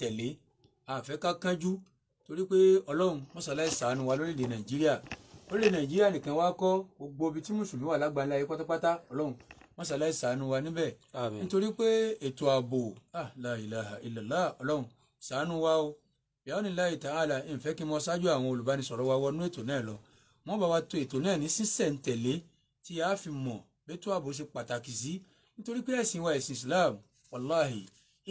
tẹ̀lé àfẹ́ ká kánjú torí pé ọlọ́run mọ́sálásí ṣàánú wa lórílẹ̀‐èdè nàìjíríà lórílẹ̀‐èdè nàìjíríà nìkan wá kọ́ gbogbo ibi tí mùsùlùmí wà lágbàlá ayé pátápátá ọlọ́run mọ́sálásí ṣàánú wa níbẹ̀ nítorí pé ètò ààbò la ilaha illallah ọlọ́run ṣàánú wa o yàrá láì tààlà ìfẹ́ kí mo ṣáájú àwọn olùbánisọ̀rọ̀ wa wọnú ètò náà lọ wọ́n bá wa tò ètò náà ní sísẹ̀ǹtẹ̀lé tí a fi mọ̀ bẹ́tò ààbò ṣe pàtàkì sí nítorí pé ẹ̀sìn wa ẹ̀sìn Islam wàláhì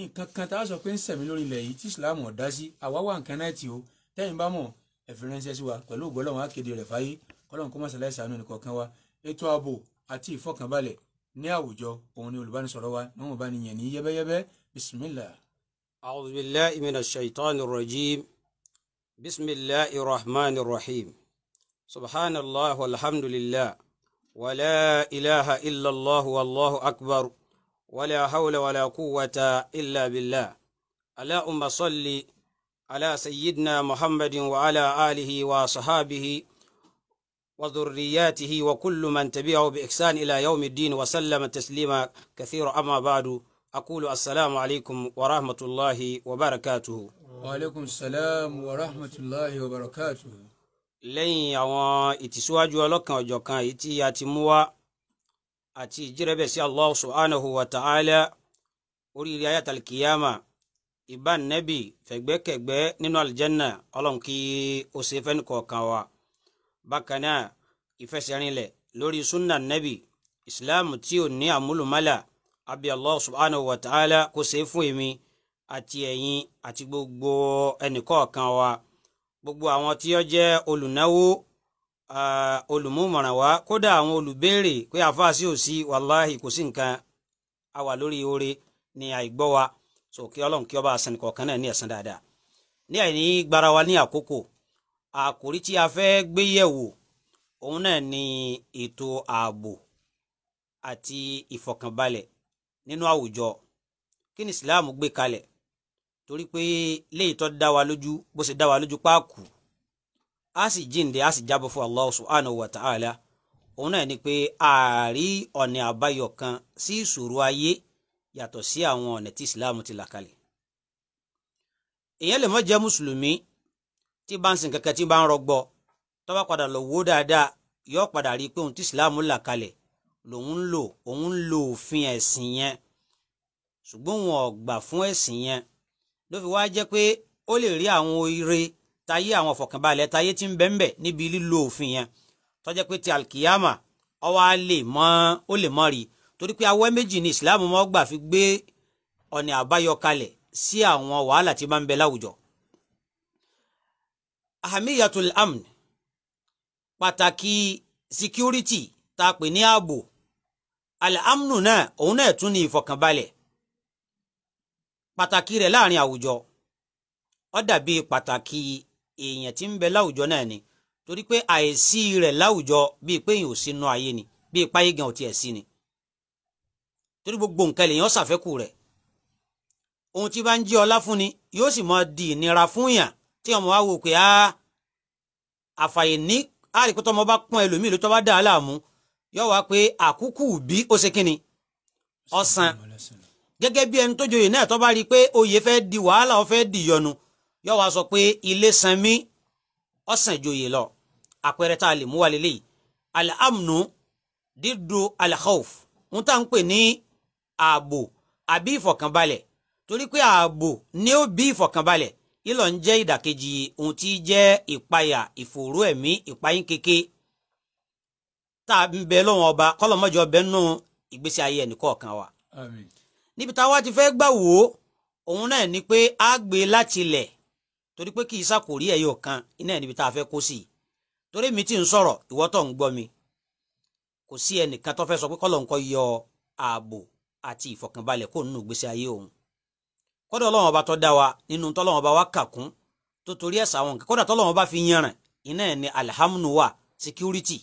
nǹkan kan tá a sọ pé ń sẹ̀mí lórí ilẹ̀ yìí tí islam ò dá sí àwa wà nǹkan náà tì ó tẹ́yìn bá mọ̀ ẹ̀fìn ránṣẹ́ sí wa pẹ̀lú ògbọ́lọ́wọ́n akéde rẹ̀ fáyé kọ́lọ́n kó mọ̀sálẹ́ ìsànú nìkọ̀ọ̀kan wa ètò ààbò àti ìfọkànbalẹ̀ ní àwùjọ òun ni olùbánisọ̀rọ̀ wa ní wọn bá ní yẹn ní yẹ́bẹ́yẹ́bẹ́ bisimilah. a'udhu ولا حول ولا قوة إلا بالله اللهم صل على سيدنا محمد وعلى آله وصحابه وذرياته وكل من تبعه بإحسان إلى يوم الدين وسلم تسليما كثيرا أما بعد أقول السلام عليكم ورحمة الله وبركاته وعليكم السلام ورحمة الله وبركاته لين يوان اتسواجوا ولوكا وجوكا اتياتموا àti ìjírẹ́bẹ̀ sí Allah subhanahu wa ta'ala oríire ayat al-kiyama ìbá nẹ́bì fẹ̀gbẹ́kẹ̀gbẹ́ nínú aljanna ọlọ́run kí ó ṣe fẹ́ nìkọ̀ọ̀kan wa bákan náà ìfẹsẹ̀rinlẹ̀ lórí sunna nẹ́bì islam tí ò ní àmúlùmálà abi Allah subhanahu wa ta'ala kó ṣe fún èmi àti ẹ̀yin àti gbogbo ẹnìkọ̀ọ̀kan wa gbogbo àwọn tí ó jẹ́ olùnáwó olùmúmọ̀ràn wá kódà àwọn olùbéèrè pé àfáàsì ò sí wàláhì kò sí nǹkan a lórí oore ni àìgbọ́ wa so kí ọlọ́run kí ọba àsẹnì kọ̀ọ̀kan náà ní ẹ̀san dáadáa ní àìní gbara wa ní àkókò àkòrí tí a fẹ́ gbé yẹ̀wò òun náà ni ètò ààbò àti ìfọ̀kànbalẹ̀ nínú àwùjọ kí ni Islam gbé kalẹ̀ torí pé léyìí tó dá wa lójú bó ṣe dá wa lójú páàkù a sì jíǹde a sì jábọ̀ fún Allah subhanahu wa ta'ala òun náà ni pé ààrí ọ̀nà àbáyọ kan sí ìṣòro ayé yàtọ̀ sí àwọn ọ̀nà tí Islam ti là kalẹ̀ èèyàn lè mọ́ jẹ́ mùsùlùmí tí bá ń sin kankan tí bá ń rọgbọ tó bá padà lọ wó dáadáa yóò padà rí i pé ohun tí Islam là kalẹ̀ lòun ń lò òun ń lo òfin ẹ̀sìn yẹn ṣùgbọ́n wọn ò gbà fún ẹ̀sìn yẹn ló fi wá jẹ́ pé ó lè rí àwọn ire táyé àwọn fọkànbalẹ̀ táyé tí ń bẹ ń bẹ níbi lílo òfin yẹn tó jẹ́ pé ti alkiyama ọwọ́ á lè mọ́ ó lè mọ́ rí torí pé awẹ́ méjì ni islam mọ́ gbà fi gbé ọ̀nà àbáyọ kalẹ̀ sí àwọn wàhálà tí máa ń bẹ láwùjọ. ahamiyatul amn pàtàkì security tá a pè ní ààbò al-amnu náà òun náà tún ní ìfọkànbalẹ̀ pàtàkì rẹ̀ láàrin àwùjọ ó dàbí pàtàkì èèyàn tí ń bẹ láwùjọ náà ni torí pé àìsí rẹ̀ láwùjọ bíi pé èèyàn ò sí inú ayé ni bíi páyé gan ò tiẹ̀ sí ni torí gbogbo nǹkan lèèyàn ṣàfẹ́kù rẹ̀ ohun tí bá ń jí ọlá fún ni yóò sì mọ di ìnira fún yàn tí ọmọ wa wò pé á àfàyè ní àríkútọ́ ọmọ bá pọ́n ẹlòmíì ló tọ́ bá dà á láàmú yóò wá pé àkúkú bí ó ṣe kíni ọ̀sán gẹ́gẹ́ bí ẹni tó joyè náà tó bá rí i pé oyè fẹ́ di wàhálà ó fẹ́ di ìyọnu yóò wá sọ pé ilé san mí ọ̀sán ìjòyè lọ àpẹẹrẹ tá a lè mú wa lélẹ́yìí al-amnu dídú al ń tà ń pè ní ààbò àbí ìfọ̀kànbalẹ̀ torí pé ààbò ni ó bí ìfọ̀kànbalẹ̀ ìlọ ń jẹ́ ìdàkejì ohun tí jẹ́ ìpayà ìfòòró ẹ̀mí ìpayín keke tá a ń bẹ lọ́wọ́n ọba kọ́lọ́mọ́jọ bẹ nù ìgbésí ayé ẹnìkọ̀ọ̀kan wa. níbi táwa ti fẹ́ gbà wò ó òun náà ni pé a gbé e láti ilẹ̀ torí pé kì í sàkórí ẹyọ kan iná ẹ̀ níbi tá a fẹ́ kó sí i torí mi ti ń sọ̀rọ̀ ìwọ tó ń gbọ́ mi kò sí ẹnìkan tó fẹ́ sọ pé kọ́lọ̀ ń kọ́ yọ ààbò àti ìfọ̀kànbalẹ̀ kó nínú ìgbésí ayé òun kọ́dọ̀ ọlọ́run ọba tó dá wa nínú tọ́lọ́run ọba wa kàkún tó torí ẹ̀sà àwọn nǹkan kọ́dà ọba fi yanràn iná ẹ̀ ní alhamdu security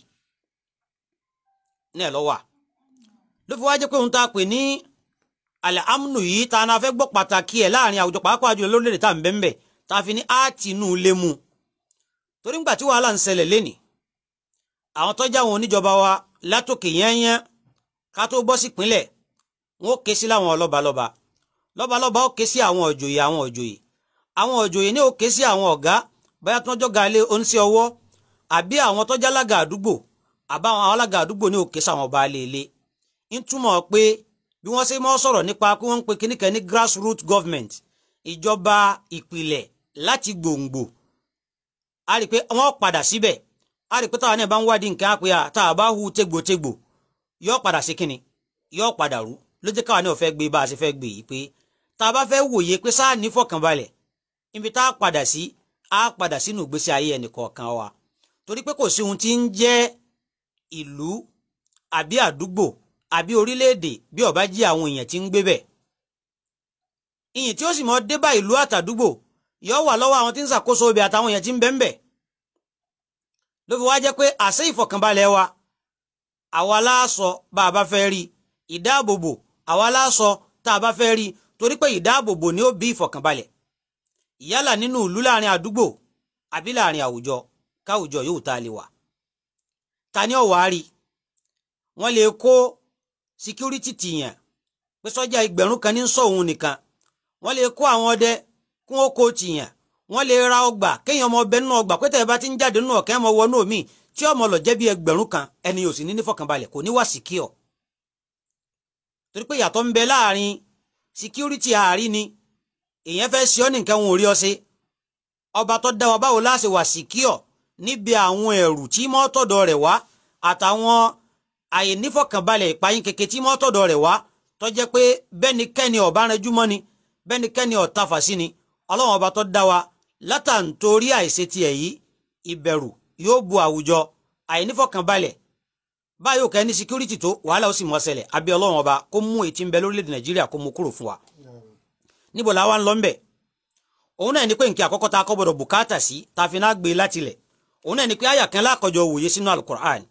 náà lọ wà ló fi wá jẹ́ pé òun tá a pè ní alhamdu yìí ta ni a fẹ́ gbọ́ pàtàkì ẹ̀ láàrin àwùjọ pàápàá jùlọ lórílẹ̀ tàfi ní áàtì inú ilé mu torí ńgbà tí wàhálà ń ṣẹlẹ̀ lénìí àwọn tọ́jà àwọn oníjọba wa látòkè yẹ́nyẹ́n ká tó bọ́ sí ìpínlẹ̀ wọn ó ké sí láwọn lọ́balọ́ba lọ́balọ́ba ó ké sí àwọn òjòyè àwọn òjòyè àwọn òjòyè ní ó ké sí àwọn ọ̀gá bóyá tí wọ́n jọ́ gaalé oníṣẹ́ ọwọ́ àbí àwọn tọ́jà alága àdúgbò àbá àwọn alága àdúgbò ní ó ké sí àwọn ọba àlèlè ń túmọ̀ pé bí wọ́n ṣe mọ́ sọ̀rọ̀ nípa pé wọ́n ń pe kíníkẹ́ ní grassroots government ìjọba ìpìlẹ̀ láti gbòǹgbò a rí i pé wọ́n padà síbẹ̀ a rí i pé táwa náà bá ń wádìí nǹkan á pé a táwa bá hu tégbòtégbò yóò padà sí kínni yóò padà rú ló jẹ́ káwa náà fẹ́ gbé bá a ṣe fẹ́ gbé yìí pé tá a bá fẹ́ wòye pé sáà ní fọkànbalẹ̀ ibi tá a padà sí a padà sínú ìgbésí ayé ẹnìkọ̀ọ̀kan wa torí pé kò sí ohun tí ń jẹ́ ìlú àbí àdúgbò àbí orílẹ̀-èdè bí ó jí àwọn èèyàn tí ń gbé bẹ̀. ìyìn tí ó sì mọ́ dé bá ìlú àtàdúgbò yọ wà lọ́wọ́ àwọn tí ń ṣàkóso ibẹ̀ àtàwọn èèyàn tí ń bẹ́ńbẹ̀ ló fi wá jẹ́ pé wa àwa láàsọ bá a bá fẹ́ rí ìdáàbòbò àwa láàsọ tá a bá fẹ́ rí torí pé ìdáàbòbò ni ó bí ìfọ̀kànbalẹ̀ ìyálà nínú ìlú láàrin àdúgbò àbí láàrin àwùjọ ta ni ọ̀wá rí wọ́n lè kó security tìyàn pé sọ́jà kan ní sọ òun nìkan wọ́n lè kó àwọn ọdẹ kún ó kó tìyàn wọ́n lè ra ọgbà kéèyàn ọmọ ọbẹ̀ nínú ọgbà pété bá ti ń jáde nínú ọ̀kẹ́ ọmọ wọnú mi tí ọmọ lọ jẹ́ bí ẹgbẹ̀rún kan ẹni yóò sì ní nífọ̀kànbalẹ̀ kò ní wá síkíọ̀ torí pé ìyàtọ̀ ń bẹ láàrin síkírítì ààrí ni èèyàn fẹ́ ṣe ọ́ nìkan wọn ò rí ọ ṣe ọba tó dá wa báwo láṣẹ wà síkíọ̀ níbi àwọn ẹ̀rù tí mọ́ tọ̀dọ̀ rẹ̀ wá àtàwọn àìnífọ̀kànbalẹ̀ ìpayín keke tí mọ́ tọ̀dọ̀ rẹ̀ wá tó jẹ́ pé bẹ́nikẹ́ni ọ̀bánrẹ́júmọ́ ni bẹ́nikẹ́ni ọ̀tafàsí ni ọlọ́run ọba tó dá wa látàntorí àìṣe tiẹ̀ yìí ìbẹ̀rù yóò bu àwùjọ àìnífọ̀kànbalẹ̀ báyìí òkè ní security tó wàhálà ó sì mọ́ ṣẹlẹ̀ àbí ọlọ́run ọba kó mú ètí ń bẹ lórílẹ̀‐èdè nàìjíríà kó mú kúrò fún wa níbo làwa ń lọ ńbẹ̀ òun náà ni pé nkí àkọ́kọ́ tá a kọ́ gbọ́dọ̀ bùkátà sí tá a fi náà gbé e látilẹ̀ òun náà ni pé àyà kan lákọjọ wòye sínú alukur'an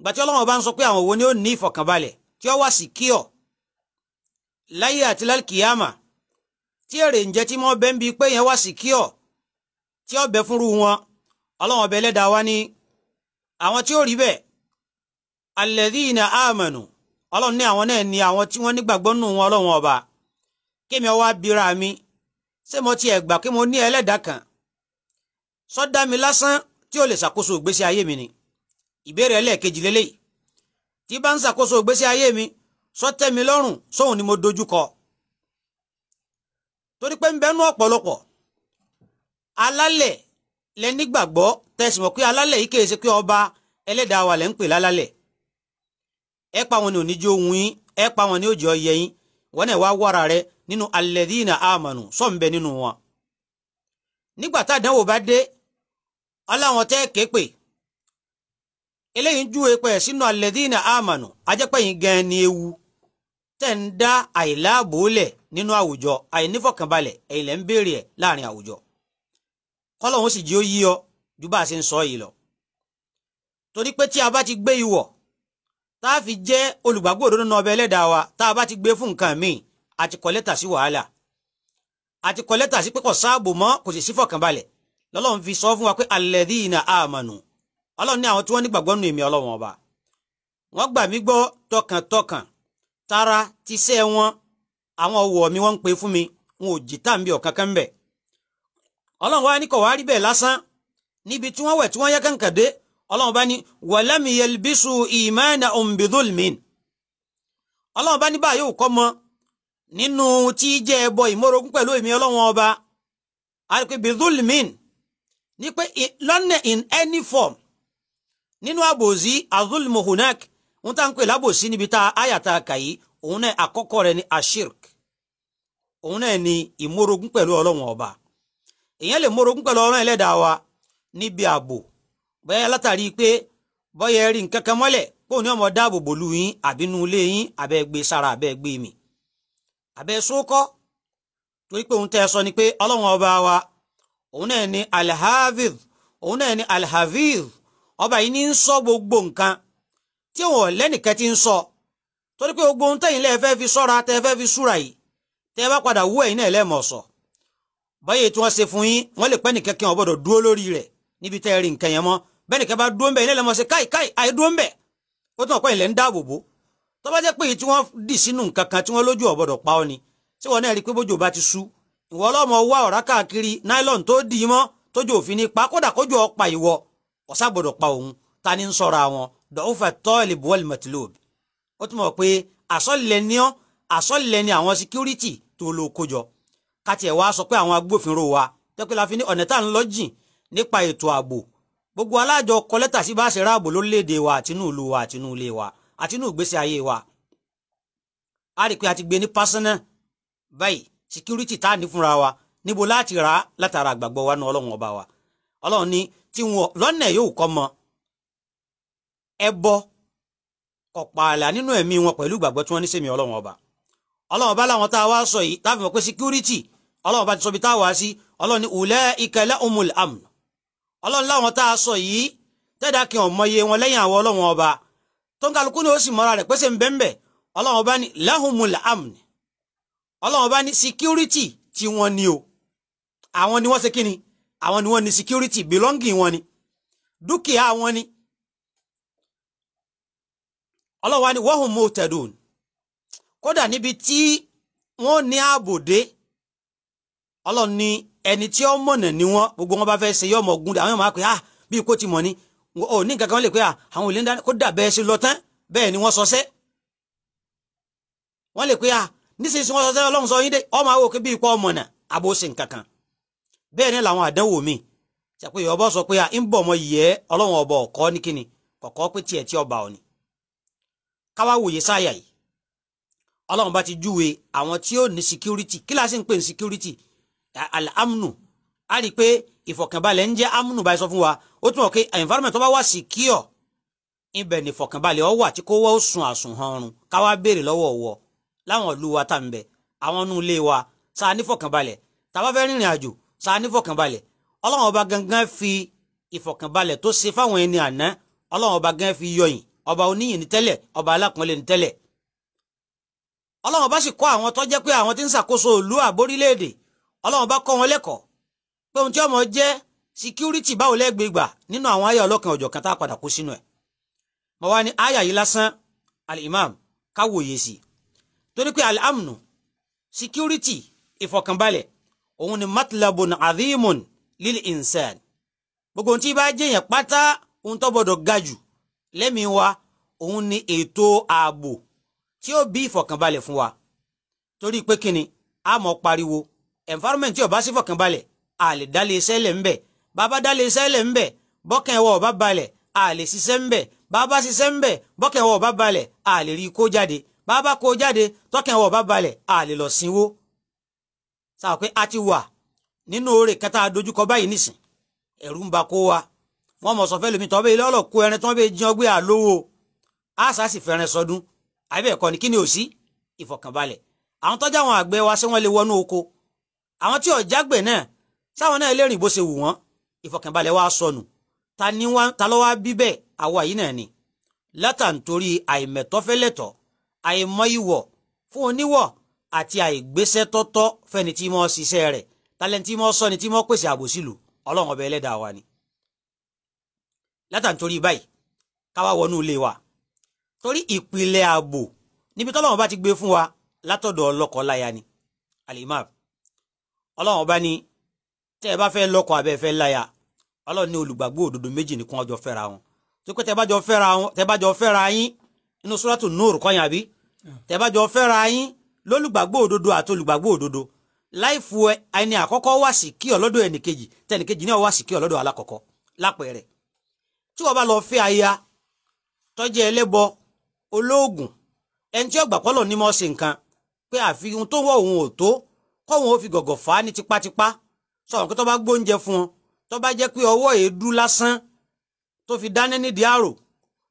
gbàtí ọlọ́run ọba ń sọ pé àwọn wo ni ó ní ìfọ̀kànbalẹ̀ tí ó wà sí kíọ̀ láyé àti lálkìyàmà tí èrè ń jẹ tí mo bẹ ń bi pé yẹn wá sí kíọ tí ó bẹ fúnrú wọn Ọlọ́run ọbẹ Ẹlẹ́dàá wa ní àwọn tí ó rí bẹ́ẹ̀ alladhina amanu Ọlọ́run ní àwọn náà ní àwọn tí wọ́n nígbàgbọ́ nù wọn Ọlọ́run ọba kémi ọwọ́ abira mi ṣé mo tiẹ̀ gbà kí mo ní Ẹlẹ́dàá kan sọ́dá mi lásán tí ó lè ṣàkóso ìgbésí ayé mi ni ìbéèrè ẹlẹ́ẹ̀kejì lélẹ́yìí tí bá ń ṣàkóso ìgbésí ayé mi sọ́tẹ́ mi lọ́rùn sóhun ni mo dojúkọ torí pé ń bẹnu ọ̀pọ̀lọpọ̀ alálẹ̀ lẹ nígbàgbọ́ tẹ̀sí mọ̀ pé alálẹ̀ yìí kèé ṣe pé ọba ẹlẹ́dàá wa lẹ̀ ń pè lálálẹ̀ ẹ ni òní jó yín ni ó jọ yín wọn náà wá wára rẹ nínú alladhina amanu sọ̀nbẹ nínú wọn. nígbà tá àdánwò bá dé aláwọn tẹ́ ké eléyìí ń júwe pẹ̀ sínú alladhina amanu ajẹ́pẹ̀yìn gan ni ewu ń dá àìláàbò nínú àwùjọ àìnífọ̀kànbalẹ̀ ẹ̀yin lẹ ń béèrè ẹ̀ láàrin àwùjọ kọ́lọ́hún sì jẹ́ ó yí ọ ju bá a ṣe ń sọ yìí lọ torí pé tí a bá ti gbé ìwọ̀ tá a fi jẹ́ olùgbàgbọ́ òdodo náà ọbẹ̀ ẹlẹ́dàá wa tá a bá ti gbé fún nǹkan míì àti kọ́ lẹ́tà sí wàhálà àti kọ́ lẹ́tà sí pé kò sáàbò mọ́ kò sì sí fọ̀kànbalẹ̀ lọ́lọ́run fi sọ fún wa pé alladhina amanu ọlọ́run ní àwọn tí wọ́n nígbàgbọ́ nù èmi ọlọ́run ọba wọ́n gbà mí gbọ́ tọkàntọkàn tara tiṣẹ́ wọn àwọn ọwụwa mi wọ́n ń pe fún mi wọn ò jìtá mi ọ̀kan kan bẹ̀. ọlọ́run wa ní kò wá rí bẹ́ẹ̀ lásán níbi tí wọ́n wẹ̀ tí wọ́n yẹ kankan dé ọlọ́run bá ní wọ̀lẹ́mi yẹlbisu ìmáàna òǹbìdólmin ọlọ́run bá ní báyìí ò kọ́ mọ nínú tí ọba ní pé lọ́nà in any form nínú àbòsí tá ń pè lábòsí níbi tá àyàtà òun náà àkọ́kọ́ òun náà ni ìmórogún pẹ̀lú ọlọ́run ọba èèyàn lè mórogún pẹ̀lú ọlọ́run wa níbi ààbò bẹ́ẹ̀ látàrí pé bọ́yẹ rí nǹkan kan mọ́lẹ̀ kóun ní ọmọ dáàbò bòlú yín àbínú ilé yín sára mi abe torí pé òun tẹ́ ẹ ni pé ọlọ́run ọba wa òun náà ni alhaviv òun náà ni alhaviv ọba yìí ní ń sọ gbogbo nǹkan tí wọn ti ń sọ torí pé gbogbo fi sọ́ra tẹ́ẹ̀fẹ́ tẹ́ ẹ bá padà wú ẹ̀yin náà lẹ́ẹ̀mọ̀ sọ báyìí tí wọ́n ṣe fún yín wọ́n lè pẹ́ nìkan kí wọ́n gbọ́dọ̀ dúró lórí rẹ̀ níbi tẹ́ ẹ rí nǹkan yẹn mọ́ bẹ́ẹ̀ nìkan bá dúró ń bẹ̀ yín lẹ́ẹ̀mọ̀ ṣe káì káì àì dúró ń bẹ̀ ó tún ọ̀pọ̀ ìlẹ̀ ń dáàbò bò tó bá jẹ́ pé èyí tí wọ́n dì sínú nǹkan kan tí wọ́n lójú ọ̀gbọ́dọ̀ pa ọ́ ni tí wọ́n náà rí i pé bójú bá ti sú ìwọ ọlọ́mọ wá ọ̀rá káàkiri nylon tó dì í mọ́ tójú òfin ní pa kódà kójú ọ̀pá ìwọ ọ̀sá gbọ́dọ̀ pa òun ta ni ń sọ̀rọ̀ àwọn dọ̀ọ́fà tọ́ọ̀lì bọ́ọ̀lì mọ̀tìlóòbì ó tún mọ̀ pé àsọ̀lẹ̀ ni àwọn security tó ló kójọ ká tiẹ̀ wá sọ pé àwọn agbófinró wa tẹ́pẹ́ la fi ní ọ̀nà tá à ń lọ jìn nípa ètò ààbò gbogbo alájọ kọ sí bá ṣe ráàbò lórílẹ̀‐èdè wa àtinú wa àtinú wa àtinú ìgbésí ayé wa a rí i pé a ti gbé ní pásánà báyìí security tá a ní fúnra wa níbo láti rà á látara àgbàgbọ́ wa ní ọlọ́run ọba wa ọlọ́run ní tí wọn lọ́nà yóò kọ́ mọ ẹbọ ọ̀pààlà nínú ẹ̀mí wọn pẹ̀lú ìgbàgbọ́ tí wọ́n ní sèmi ọlọ́run ọba ọlọ́run bá láwọn tá a wá sọ yìí tá a pé security ọlọ́run bá ti sọ bí tá a wá sí ọlọ́run ní ulaika lahumul amn ọlọ́run láwọn tá a sọ yìí tẹ́dá kí wọ́n mọye wọn lẹ́yìn àwọn ọlọ́run ọba tó ń kálukú ni ó sì mọ́ra rẹ̀ pé ṣe ń bẹ́ńbẹ́ ọlọ́run bá ní lahumul amn ọlọ́run bá ní security tí wọ́n ní o àwọn ni wọ́n ṣe kíni àwọn ni wọ́n ní security belonging wọn ni dúkìá wọn ni ọlọ́run wá ní wahum kódà níbi tí wọ́n ní ààbòdé ọlọ́run ní ẹni tí ó mọ̀nà ni wọn gbogbo wọn bá fẹ́ ṣe yọmọ ogun àwọn yóò máa pè á bí ikó ti mọ̀ ni ò ní nǹkan kan lè pé àwọn òlé kó dà bẹ́ẹ̀ ṣe lọ tán bẹ́ẹ̀ ni wọ́n sọ sẹ́ wọ́n lè pé à nísinsìnyí wọ́n sọ ọlọ́run sọ yín dé ọmọ àwọn òkè bí àbò ṣe nǹkan kan bẹ́ẹ̀ ni làwọn àdánwò mi ọbọ̀ sọ pé ọlọ́run bá ti júwe àwọn tí ó ní security kí láti ń pè ní security al-amnu a rí i pé ìfọ̀kànbalẹ̀ ń jẹ́ amnu báyìí sọ fún wa ó túmọ̀ pé environment tó bá wà secure ibẹ̀ ní ìfọ̀kànbalẹ̀ ọ wà tí kò wọ́ sùn àsùnhàn ọrùn káwá béèrè lọ́wọ́ ọ̀wọ́ láwọn ìlú wa tá ń bẹ àwọn inú ilé wa sáà nífọ̀kànbalẹ̀ tàbá fẹ́ rìnrìn àjò sáà nífọ̀kànbalẹ̀ ọlọ́run ọba gangan fi ìfọ̀kànbalẹ̀ tó ṣe fáwọn ẹni àná ọlọ́run ọba gangan fi yọyìn ọba oníyìn ní tẹ́lẹ̀ ọba alákùnrin ní tẹ́lẹ̀ ọlọ́run bá sì kọ́ àwọn tó jẹ́ pé àwọn tí ń ṣàkóso ìlú àbórílẹ̀-èdè ọlọ́run bá kọ́ wọn lẹ́kọ̀ọ́ pé ohun tí ọmọ jẹ́ security báwo lẹ́gbẹ̀ẹ́ gbà nínú àwọn àyà ọlọ́kan ọ̀jọ̀ kan tá a padà kó sínú ẹ̀ mo wá ní aya yìí lásán al-imam káwòye sí i torí pé al-amnu security ìfọ̀kànbalẹ̀ òun ni matlabun adhimun lil insan gbogbo ohun tí bá jẹ́yàn pátá ohun tó gbọdọ̀ ga jù lẹ́mìí wa òun ni ètò ààbò tí ó bí ìfọ̀kànbalẹ̀ fún wa torí pé kíni a mọ̀ pariwo environment tí ó bá sí ìfọ̀kànbalẹ̀ a lè dálé iṣẹ́ lẹ̀ ńbẹ̀ bàbá dálé iṣẹ́ lẹ̀ ńbẹ̀ bọ́kàn ẹ̀wọ̀ ọ̀bá balẹ̀ a lè ṣiṣẹ́ ńbẹ̀ bàbá ṣiṣẹ́ ńbẹ̀ bọ́kàn ẹ̀wọ̀ ọ̀bá balẹ̀ a lè rí kó jáde bàbá kó jáde tọ́kàn ẹ̀wọ̀ ọ̀bá balẹ̀ a lè lọ sinwó. sáà pé a ti wà nínú oore kẹta dojúkọ báyìí nìsín ẹ̀rù ń ba kó wa wọ́n mọ̀ sọ fẹ́ lómi tọ́ bẹ́ẹ̀ lọ́lọ́ kó ẹran tí wọ́n bẹ́ẹ̀ jí ọgbẹ́ àlówó àṣà sì fẹ́ràn sọdún àbẹ̀ẹ̀kọ́ ni kí ni ò sí ìfọ̀kànbalẹ̀ àwọn tọ́jà àwọn àgbẹ̀ wa ṣé wọ́n lè wọnú oko àwọn tí ọ̀jágbẹ̀ náà sáwọn náà lè rìn bó ṣe wù wọ́n ìfọ̀kànbalẹ̀ wa sọnù ta ni wa ta ló wá bí bẹ́ẹ̀ àwa yìí náà ni látàntorí àìmẹ̀tọ́fẹ́lẹ̀tọ̀ àìmọ̀ìwọ̀ fún oníwọ̀ àti àìgbésẹ́ tọ́tọ́ fẹ́ni tí mo ṣiṣẹ́ rẹ̀ tálẹ́ntì mo sọ ni tí mo pèsè àbòsílù ọlọ́run ọbẹ̀ ẹlẹ́dàá wa ni látàntorí báyìí káwá wọnú ilé wa torí ìpìlẹ̀ ààbò níbi tọ́lọ́wọ́n bá ti gbé fún wa látọ̀dọ̀ ọlọ́kọ láya ni alimab ọlọ́wọ́n bá ní tẹ́ ẹ bá fẹ́ lọ́kọ abẹ́ fẹ́ láya ọlọ́run ní olùgbàgbọ́ òdodo méjì ní kún ọjọ́ fẹ́ra wọn tó pé tẹ́ bá jọ fẹ́ra yín inú suratu nur kọ́yìn àbí tẹ́ bá jọ fẹ́ra yín lólùgbàgbọ́ òdodo àti olùgbàgbọ́ òdodo láìfu ẹni àkọ́kọ́ wà sí kí ọlọ́dọ̀ ẹnìkejì tẹnìkejì náà wà sí kí ọlọ́dọ̀ alákọ̀ọ́kọ́ lápẹ̀rẹ̀ tí wọ́n bá lọ fẹ́ aya tó jẹ́ olóògùn ẹni tí ọgbà pọ́lọ̀ ní mọ́ ṣe nǹkan pé àfi ohun tó wọ̀ òun ò tó kọ́wọn ó fi gọ̀gọ̀ fà á ní tipátipá sọ̀rọ̀ pé tó bá gbóúnjẹ fún wọn tó bá jẹ́ pé ọwọ́ èédú lásán tó fi dáná nídìí àrò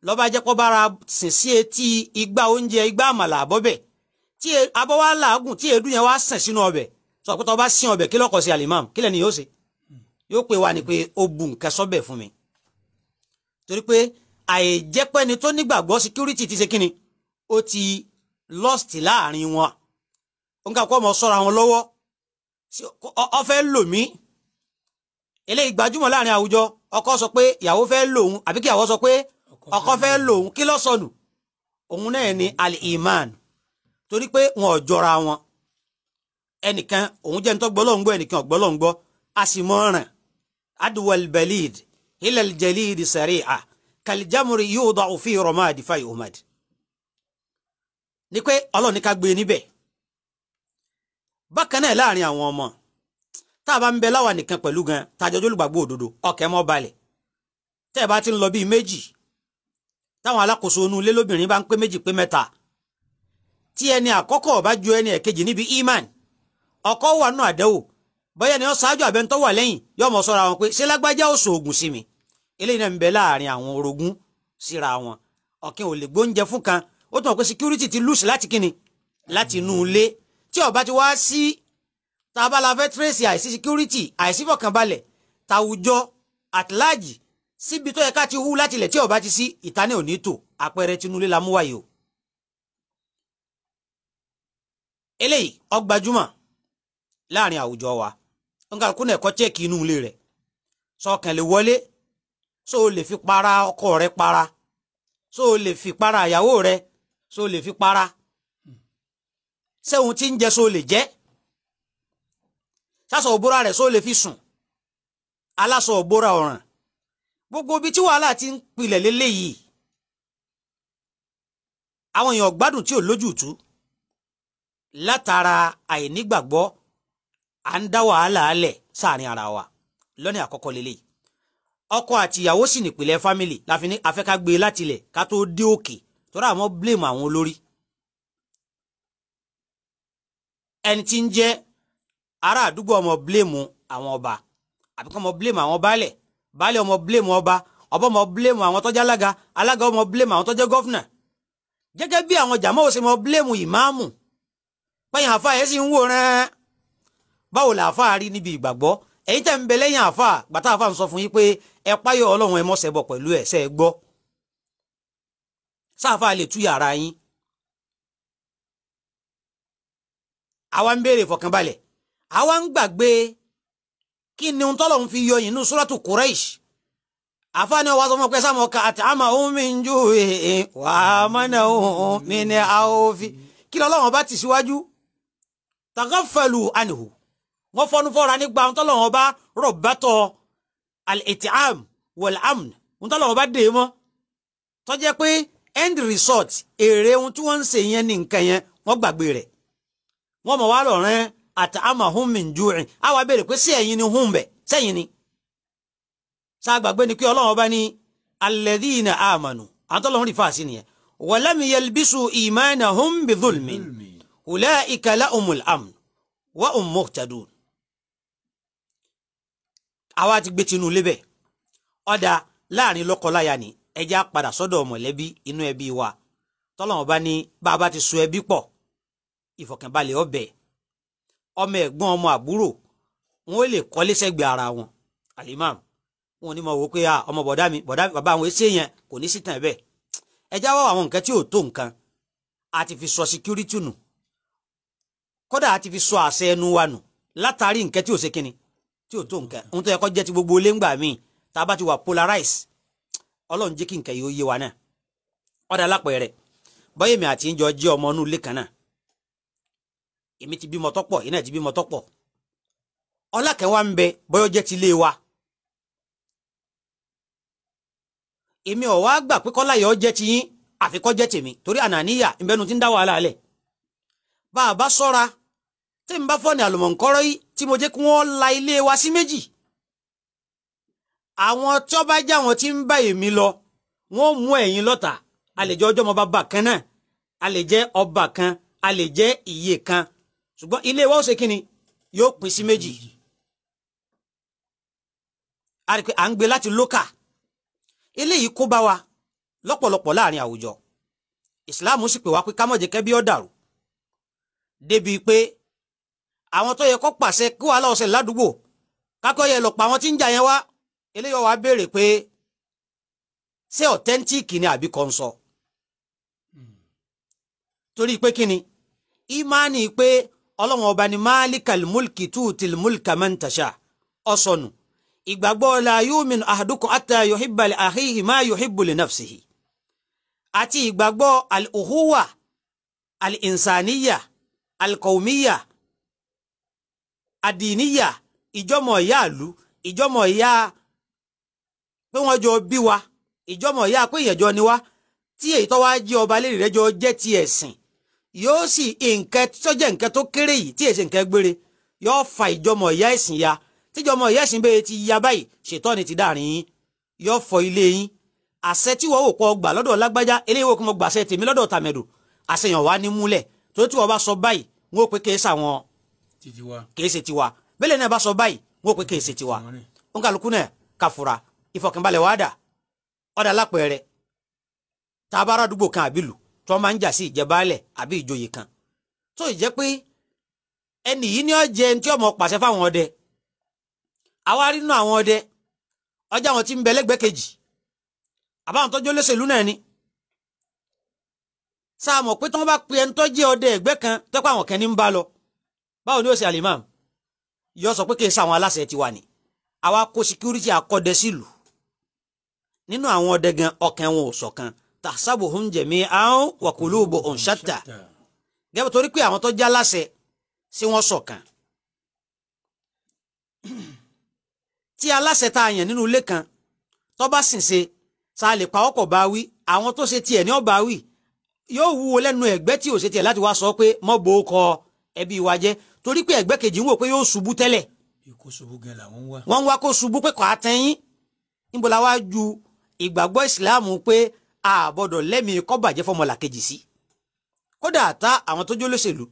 lọ́ba jẹ́ kó bára sìn sí etí igbá oúnjẹ igbá àmàlà àbọ́bẹ̀ tí e, abọ́ wa làágùn tí èédú yẹn wá sàn sínú ọbẹ̀ sọ̀rọ̀ pé tó bá sin ọbẹ̀ kí lọ́kọ̀ sí alimam kí lẹ́ni yóò ṣe yóò pè wá ní pé ó bu nǹkan sọ́bẹ̀ fún mi torí pé àìjẹ́pẹ́ni tó nígbàgbọ́ security ti ṣe kíni ó ti lost láàrin wọn nǹkan kọ́ ọmọ sọ́ra wọn lọ́wọ́ ọ fẹ́ lò mí eléyìí gbajúmọ̀ láàrin àwùjọ ọkọ sọ pé ìyàwó fẹ́ lòun àbí kí ìyàwó sọ pé ọkọ fẹ́ lòun kí ló sọnù òun náà ni al-iman torí pé wọn ò jọra wọn ẹnìkan òun jẹ́ nítorí gbọ́lọ́ngbọ́ ẹnìkan ọ̀gbọ́lọ́ngbọ́ a sì mọ̀ ràn adwal balid ilal jalid kàlìjámùrì yóò dọ̀ òfin rọ̀mọ́ àdìfá ìhùmad ni pé ọlọ́run ní ká gbé níbẹ̀ bákan náà láàrin àwọn ọmọ tá a bá ń bẹ láwa nìkan pẹ̀lú gan tajọjú olùgbàgbọ́ òdodo ọkẹ́ mọ́ balẹ̀ tẹ́ ẹ bá ti ń lọ bíi méjì táwọn alákòóso inú ilé lóbìnrin bá ń pé méjì pé mẹ́ta tí ẹni àkọ́kọ́ ju ẹni ẹ̀kejì níbi iman ọkọ wà nù àdẹ́wò bọ́yá ni wọ́n ṣáájú àbẹ́ntọ́ wà lẹ́yìn yọmọ eléyìí náà ń bẹ láàrin àwọn orogún síra wọn ọ̀kìn ò lè gbóúnjẹ fún kan ó tàn pé security ti lùsì láti kíni láti inú ilé tí ọba ti wá sí tabala fẹ́ tracy àìsí security àìsí fọkànbalẹ̀ tàwùjọ àtìláàjì síbi tó yẹ ká ti hú látilẹ̀ tí ọba ti sí ìtaní ò ní tò àpẹẹrẹ tinúlé la mú wáyé o. eléyìí ọgbajúmọ̀ láàrin àwùjọ wa nǹkan kúnlẹ̀ kọ́ chẹ́ẹ̀kì inú ilé rẹ̀ sọ̀kan lè wọlé so o lè fi para ọkọ rẹ para so o lè fi para ìyàwó rẹ so o lè fi para sẹ́hun tí ń jẹ so o lè jẹ́ sásọ òbóra rẹ̀ so o lè fi sùn aláṣọ òbóra ọ̀ràn gbogbo ibi tí wàhálà ti ń pilẹ̀ léléyìí àwọn èèyàn gbádùn tí ò lójútùú látara àìnígbàgbọ́ à ń dá wàhálà alẹ̀ sáàrin ara wa lọ́nà àkọ́kọ́ lélẹ́yìí ọkọ àti ìyàwó sì nípìnlẹ̀ family la fi ní afẹ́ká gbé e láti ilẹ̀ ká tó dé òkè tọ́ra àwọn blame àwọn olórí. ẹni tí ń jẹ́ ará àdúgbò ọmọ blame àwọn ọba àbíkọ́ ọmọ blame àwọn baálẹ̀ baálẹ̀ ọmọ blame ọba ọba ọmọ blame àwọn tọ́jà alága alága ọmọ blame àwọn tọ́jà gọ́fìnà gẹ́gẹ́ bí àwọn jàmọ́ ò ṣe mọ blame ìmáàmù pẹ́yìn àfa ẹ̀ sì ń wòran báwo làáfà rí níbi ìgbàgbọ́ èyí tẹ̀ ń bẹ lẹ́yìn àfa gbàtà àfa ń sọ fún yín pé ẹ páyọ̀ ọlọ́run ẹ mọ́ ṣẹbọ pẹ̀lú ẹ̀ ṣe é gbọ́ sáfà lè tú yàrá yín àwa ń béèrè fọkànbalẹ̀ àwa ń gbàgbé kí ni tọ́lọ̀ ń fi yọ yìí nínú suratu Quraish àfáàní ọwọ́ sọmọ pé sáàmù ọkà àti àmà òun mi ń ju èè wà á mọ́nà òun mi ní àwòfin kí lọ́lọ́wọ́n bá ti síwájú tàgọ́fẹ̀lù ànìhù wọ́n fọnú fọ́ra nígbà tọ́lọ́wọ́n bá rọ̀ bẹ́tọ̀ al-itiam wal-amn ń tọ́lọ̀ wọn bá dè é mọ́ tó jẹ́ pé end result èrè ohun tí wọ́n ń ṣe yẹn ní nǹkan yẹn wọ́n gbàgbé rẹ̀ wọ́n mọ̀ wá lọ́rẹ́ àtàmà hum min ju'in àwa béèrè pé sí ẹ̀yin ni hum bẹ̀ sẹ́yìn ni sáàgbàgbé ni pé ọlọ́run ọba ní alladhina amanu àtọ́lọ́run rí fàásì nìyẹn walam yalbisu imanahum bi dhulmin ulaika lahumul amn wa hum muhtadun àwa ti gbé tinú lébẹ̀ ọ̀dà láàrin lọ́kọláya ni ẹja padà sọ́dọ̀ mọ̀lẹ́bí inú ẹbí wa tọ́lọ́wọ́n bá ní bá a bá ti so ẹbí pọ̀ ìfọ̀kànbalẹ̀ ọbẹ̀ ọmọ ẹ̀gbọ́n ọmọ àbúrò wọn ò lè kọ́lé sẹ́gbẹ̀ẹ́ ara wọn alimam wọn ò ní mọ wò pé ọmọ bọ̀dá mi bọ̀dá bàbá àwọn ẹsẹ̀ yẹn kò ní sítàn ẹ̀ ẹja wá àwọn nǹkan tí ò tó nǹkan a ti fi sọ security nù kódà a ti fi sọ àṣẹ ẹnu wa nù látàrí nǹkan tí ò ṣe kínni tí o tó nǹkan ohun tó yẹ ti gbogbo olé ngbà míì tá bá ti wà polarize ọlọrun jẹ́ kí nǹkan yìí ó yé wa náà ọ̀dà alápẹ̀rẹ̀ bọ́yẹ̀mí àti ìjọ jẹ́ ọmọ inú ilé náà èmi ti bímọ tọ́pọ̀ iná ti bímọ tọ́pọ̀ ń bẹ èmi ò wá gbà pé kọ́láyọ̀ ti yín torí ànàníyà tí n bá fọ́ọ̀nì àlùmọ̀ǹkọ́rọ́ yìí tí mo jẹ́ kí wọ́n la ilé wa sí méjì àwọn tó bá jẹ́ àwọn tí ń bá èmi lọ wọ́n mú ẹ̀yin lọ́tà a lè jẹ́ ọjọ́ ọmọ bàbá kan náà a lè jẹ́ ọba kan a lè jẹ́ ìyè kan ṣùgbọ́n ilé wa ó ṣe kíni yóò pín sí méjì a rí i pé à ń gbé láti lókà eléyìí kó bá wa lọ́pọ̀lọpọ̀ láàrin àwùjọ ìsìláàmù sì pè wá pé ká má jẹ́ kẹ́bí ó pé àwọn tó yẹ kó pàṣẹ kí wàhálà ọ̀sẹ̀ ládùúgbò kákọ́ yẹ lọ pa àwọn tí ń jà yẹn wá eléyọ̀ wá béèrè pé ṣé authentic ni àbí kan sọ torí pé kí ni ìmánì pé ọlọ́run ọba ni máàlíkàl múlkì túùtìl múlkà man ọ̀sọ̀nù ìgbàgbọ́ la yu'minu ahadukum hatta yuhibba li akhihi ma yuhibbu li àti ìgbàgbọ́ al-uhuwa al-insaniya al-qawmiya. al uhuwa al àdìníyà ìjọmọ ìyá àlú ìjọmọ ìyá pé wọn jọ bí wa ìjọmọ ìyá pé ìyẹjọ ni wa tí èyí tó wá jẹ ọba lérí rẹ jọ jẹ ti ẹsìn yóò sì nǹkan tó jẹ nǹkan tó kéré yìí tí èsì nǹkan gbére yóò fa ìjọmọ ìyá ẹsìn ya tíjọmọ ìyá ẹsìn bẹ́ẹ̀ ti ya báyìí ṣètọ́ ni ti dáàrin yín yóò fọ ilé yín àṣẹ tí wọ́n wò pọ̀ gbà lọ́dọ̀ lágbájá eléyìí wò kí mo gbàṣẹ tèmi lọ́dọ̀ tàmẹ̀dò àṣẹ yàn ní múlẹ̀ tó tí wọ́n bá sọ báyìí wọ́n ó pé kéésà wọn kìí ṣe tiwa bẹ́lẹ̀ náà bá sọ báyìí wọ́n pé kìí ṣe tiwa ó ń kálukú náà ká fura ìfọ̀kànbalẹ̀ wàá dà ọ̀dà lápẹ̀rẹ̀ tá a bá rádúgbò kan àbílù tó máa ń jà sí ìjẹbaálẹ̀ àbí ìjòyè kan tó ìjẹ́ pé ẹnì yìí ni ó jẹ ẹni tí ọmọ pàṣẹ fáwọn ọdẹ àwa rí nínú àwọn ọdẹ ọjà wọn ti ń bẹ lẹ́gbẹ̀ẹ́ kejì àbáwọn tọjú olóṣèlú náà ni sáà mọ̀ pé tí wọ́n pe ẹni tó jẹ́ ọdẹ ẹgbẹ́ kan tọ́pọ̀ àwọn kẹ́ni ń bá lọ báwo ni ó ṣe alimam yọ sọ pé kí n sa àwọn aláṣẹ tiwa ni àwa kó security akọ́dẹ sílùú nínú àwọn ọdẹ gan ọkàn wọn ò ṣọ̀kan tahsabuhum jami'an wa qulubuhum shatta gẹ́gẹ́ torí pé àwọn tó já láṣẹ sí wọ́n ṣọ̀kan tí aláṣẹ tá a yàn nínú ilé kan tó bá sìn ṣe sa lè pa ọkọ̀ bá wí àwọn tó ṣe tiẹ̀ ní ọba wí yóò wúwo lẹ́nu ẹ̀gbẹ́ tí ò ṣe tiẹ̀ láti wá sọ pé mọ́ bò ó kọ ẹbí wa jẹ́ torí pé ẹgbẹ́ kejì ń wò pé yóò ṣubú tẹ́lẹ̀ wọ́n ń wá kó ṣubú pé kò á tẹ́yìn níbo la wá ju ìgbàgbọ́ ìsìláàmù pé àbọ̀dọ̀ lẹ́mìí kọ́ bàjẹ́ fọmọlà kejì sí kódà tá àwọn tó jólóṣèlú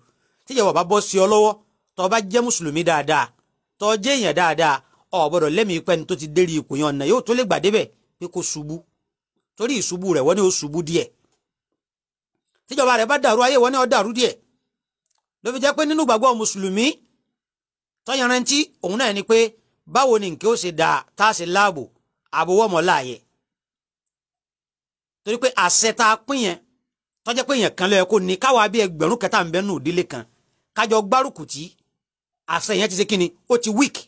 tíjẹ̀wọ̀ bá bọ́ sí ọ lọ́wọ́ tó bá jẹ́ mùsùlùmí dáadáa tó jẹ́ èèyàn dáadáa ọ̀bọ̀dọ̀ lẹ́mìí pẹ́ni tó ti dérí ipò yẹn ọ̀nà yóò tó lè gbà débẹ̀ pé kó ṣubú torí ìṣubú rẹ̀ wọ́n ní ó ṣubú díẹ̀ tíjọba rẹ̀ bá dàrú ayé wọ́n ní ó dàrú díẹ̀ ló fi jẹ́ pé nínú ìgbàgbọ́ mùsùlùmí tọ́yẹrẹntì òun náà ni pé báwo ni nǹkan ó ṣe dà tá a ṣe láàbò àbòwọ́ mọ́ láàyè torí pé àṣẹ tá a pín yẹn tọ́jẹ́ pé èèyàn kan ló yẹ kó ní káwa bí ẹgbẹ̀rún kẹta ń bẹ nù ìdílé kan kájọ gbárùkù àṣẹ yẹn ti ṣe kí ni ó ti wíìkì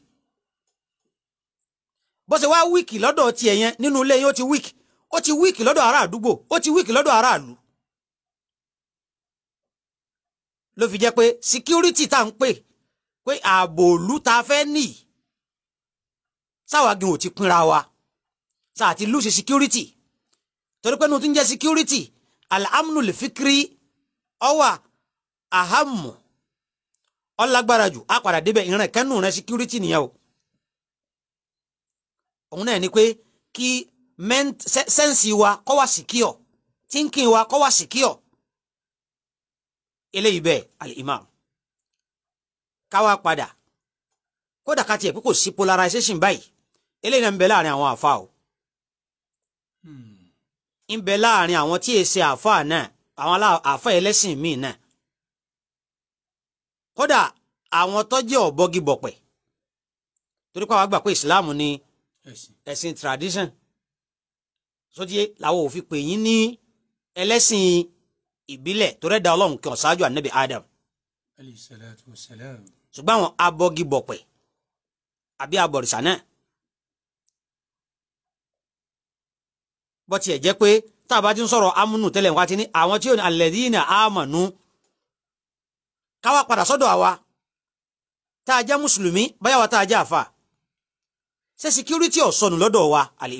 bó ṣe wá wíìkì lọ́dọ̀ tiẹ̀ yẹn nínú ilé yẹn ó ti wíìkì ó ti wíìkì lọ́dọ̀ aráàlú ló fi jẹ́ pé security tá ń pè pé ààbò òlu tá fẹ́ nì sáwa gan ò ti pinra wa sáà ti lùsì security torí pé nu ti jẹ́ security alhamdu lifikiri fi kiri ọwà ahamu ọlágbára jù á padà débẹ̀ ìran kẹ́nu rẹ security nìyẹn o òun náà ni pé kí sẹ́ǹsì wa kọ́ wá síkíọ̀ tínkì wa kọ́ wá síkíọ̀ eléyìí bẹ́ẹ̀ al-imam káwa padà kódà ká tiẹ̀ pé kò sí polarization báyìí eléyìí náà ń bẹ láàrin àwọn àfa o hmm. ń bẹ láàrin àwọn tí èsì àfa náà àwọn àfa ẹlẹ́sìn míì náà kódà àwọn tó ọ̀bọ́gi bọ̀pẹ̀ torí pé àwọn àgbà pé ìsìláàmù ni ẹ̀sìn tradition sódìé làwọn ò fi pè yín ní ẹlẹ́sìn ìbílẹ̀ tó rẹ́dà ọlọ́run kan ṣáájú ànábì adam. ṣùgbọ́n àwọn abọ́gi bọ̀pẹ̀ àbí abọ̀rìṣà náà. bó tiẹ̀ jẹ́ pé tá a bá ti ń sọ̀rọ̀ amúnú tẹ́lẹ̀ wá ti ní àwọn tí ò ní alladhina amanu káwá padà sọ́dọ̀ àwa tá a jẹ́ mùsùlùmí báyà tá a jẹ́ àfà ṣé security ò sọnù lọ́dọ̀ wa al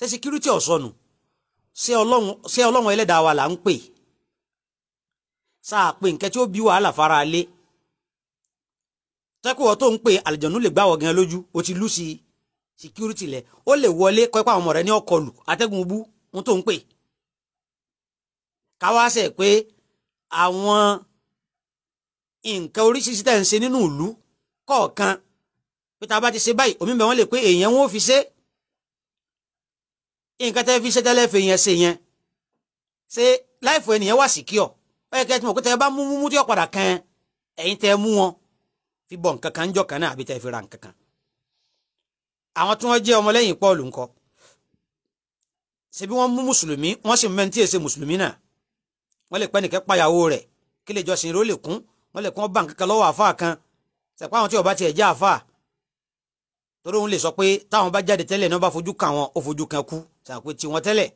ṣé security ò ṣé ọlọ́run ṣé ọlọ́run ẹlẹ́dàá wa là ń pè sáà pé nǹkan tí ó bí wàhálà fara lé tẹ́kọ̀ọ́ tó ń pè àlìjọ̀nù lè gbáwọ̀ gan lójú o ti lù sí security lẹ̀ ó lè wọlé kọ́pẹ́ àwọn ọmọ rẹ ní ọkọlù atẹ́gùn bú ohun tó ń pè káwáṣẹ̀ pé àwọn nǹkan oríṣiríṣi tẹ̀ ń ṣe nínú ìlú kọ̀ọ̀kan pé tá a bá ti ṣe báyìí omi bẹ́ẹ̀ wọ́n lè pé èèyàn wọn ò fi ṣe é nǹkan tẹ́ fi ṣẹ́tẹ́ lẹ́fẹ̀ẹ́ yẹn ṣe yẹn ṣe láìfọ ẹnìyẹn wà síkíọ̀ ó yẹ kẹ́ ẹ ti mọ̀ pé tẹ́ bá mú mú tí ó padà kan ẹ̀yin tẹ́ mú wọn fi bọ̀ nǹkan kan jọ kan náà àbí tẹ́ fi ra nǹkan kan àwọn tí wọ́n jẹ́ ọmọlẹ́yìn Pọ́ọ̀lù ńkọ́ ṣebí wọ́n mú mùsùlùmí wọ́n sì mẹ́ni tí èsè mùsùlùmí náà wọ́n lè pẹ́ nìkẹ́ payàwó rẹ̀ kí lè jọ́sìn ró lè kún wọ́n lè kún ọba nǹkan lọ́wọ́ sàpé tiwọn tẹ́lẹ̀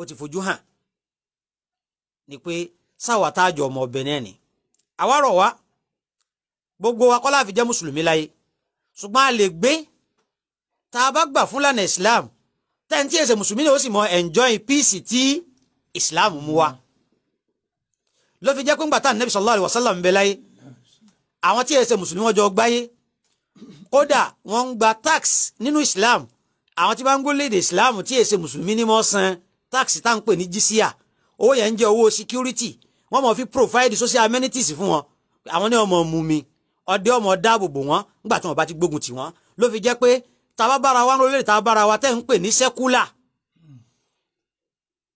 ó ti fojú hàn ni pé sáwà tá a jọ ọmọ ọbẹ̀ náà ni àwa rọ̀ wá gbogbo wa kọ́lá àfijẹ́ mùsùlùmí láyé ṣùgbọ́n a lè gbé tá a bá gbà fúlàní islam tẹ́ǹtì ẹ̀sẹ̀ mùsùlùmí ni ó sì mọ enjoy peace tí islam mú wa ló fi jẹ́ pé ńgbà tá a nẹ́bí sallallahu alaihi wasallam ń bẹ láyé àwọn tí ẹ̀sẹ̀ mùsùlùmí wọn jọ gbáyé kódà wọ́n ń gba tax nínú islam àwọn tí bá ń gbólédè islam tí èsè mùsùlùmí ní mọ́ san táàkì tá à ń pè ní jisiya owó yẹn ń jẹ́ owó security wọ́n mọ̀ fi provide social amenities fún wọn àwọn ní ọmọ mu mi ọdẹ ọmọ dáàbò bò wọn nígbà tí wọn bá ti gbógun tì wọn ló fi jẹ́ pé tàbá bára wa ń lórí lè tàbá bára wa tẹ́ ń pè ní sẹ́kúlà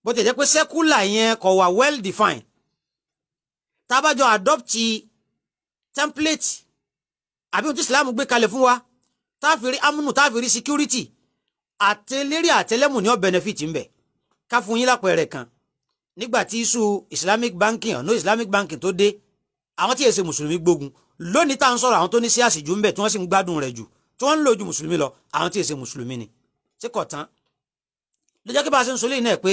bó ti jẹ́ pé sẹ́kúlà yẹn kò wà well defined tàbá jọ adopt template àbí ohun tí islam gbé kalẹ̀ fún wa táàfin rí amúnú táàfin security àtẹlérí àtẹlẹmù ní ọ benefit ń bẹ ká fún yín lápẹẹrẹ kan nígbà tí iṣu islamic banking ọ̀nà islamic banking tó dé àwọn tí èsè mùsùlùmí gbógun lónìí tá à ń sọ̀rọ̀ àwọn tó ní sí àṣìjú ń bẹ tí wọ́n sì ń gbádùn rẹ̀ jù tí wọ́n ń lò ju mùsùlùmí lọ àwọn tí èsè mùsùlùmí ni ṣé kò tán ló jẹ́ kí bá a ṣe ń sọ lẹ́yìn náà pé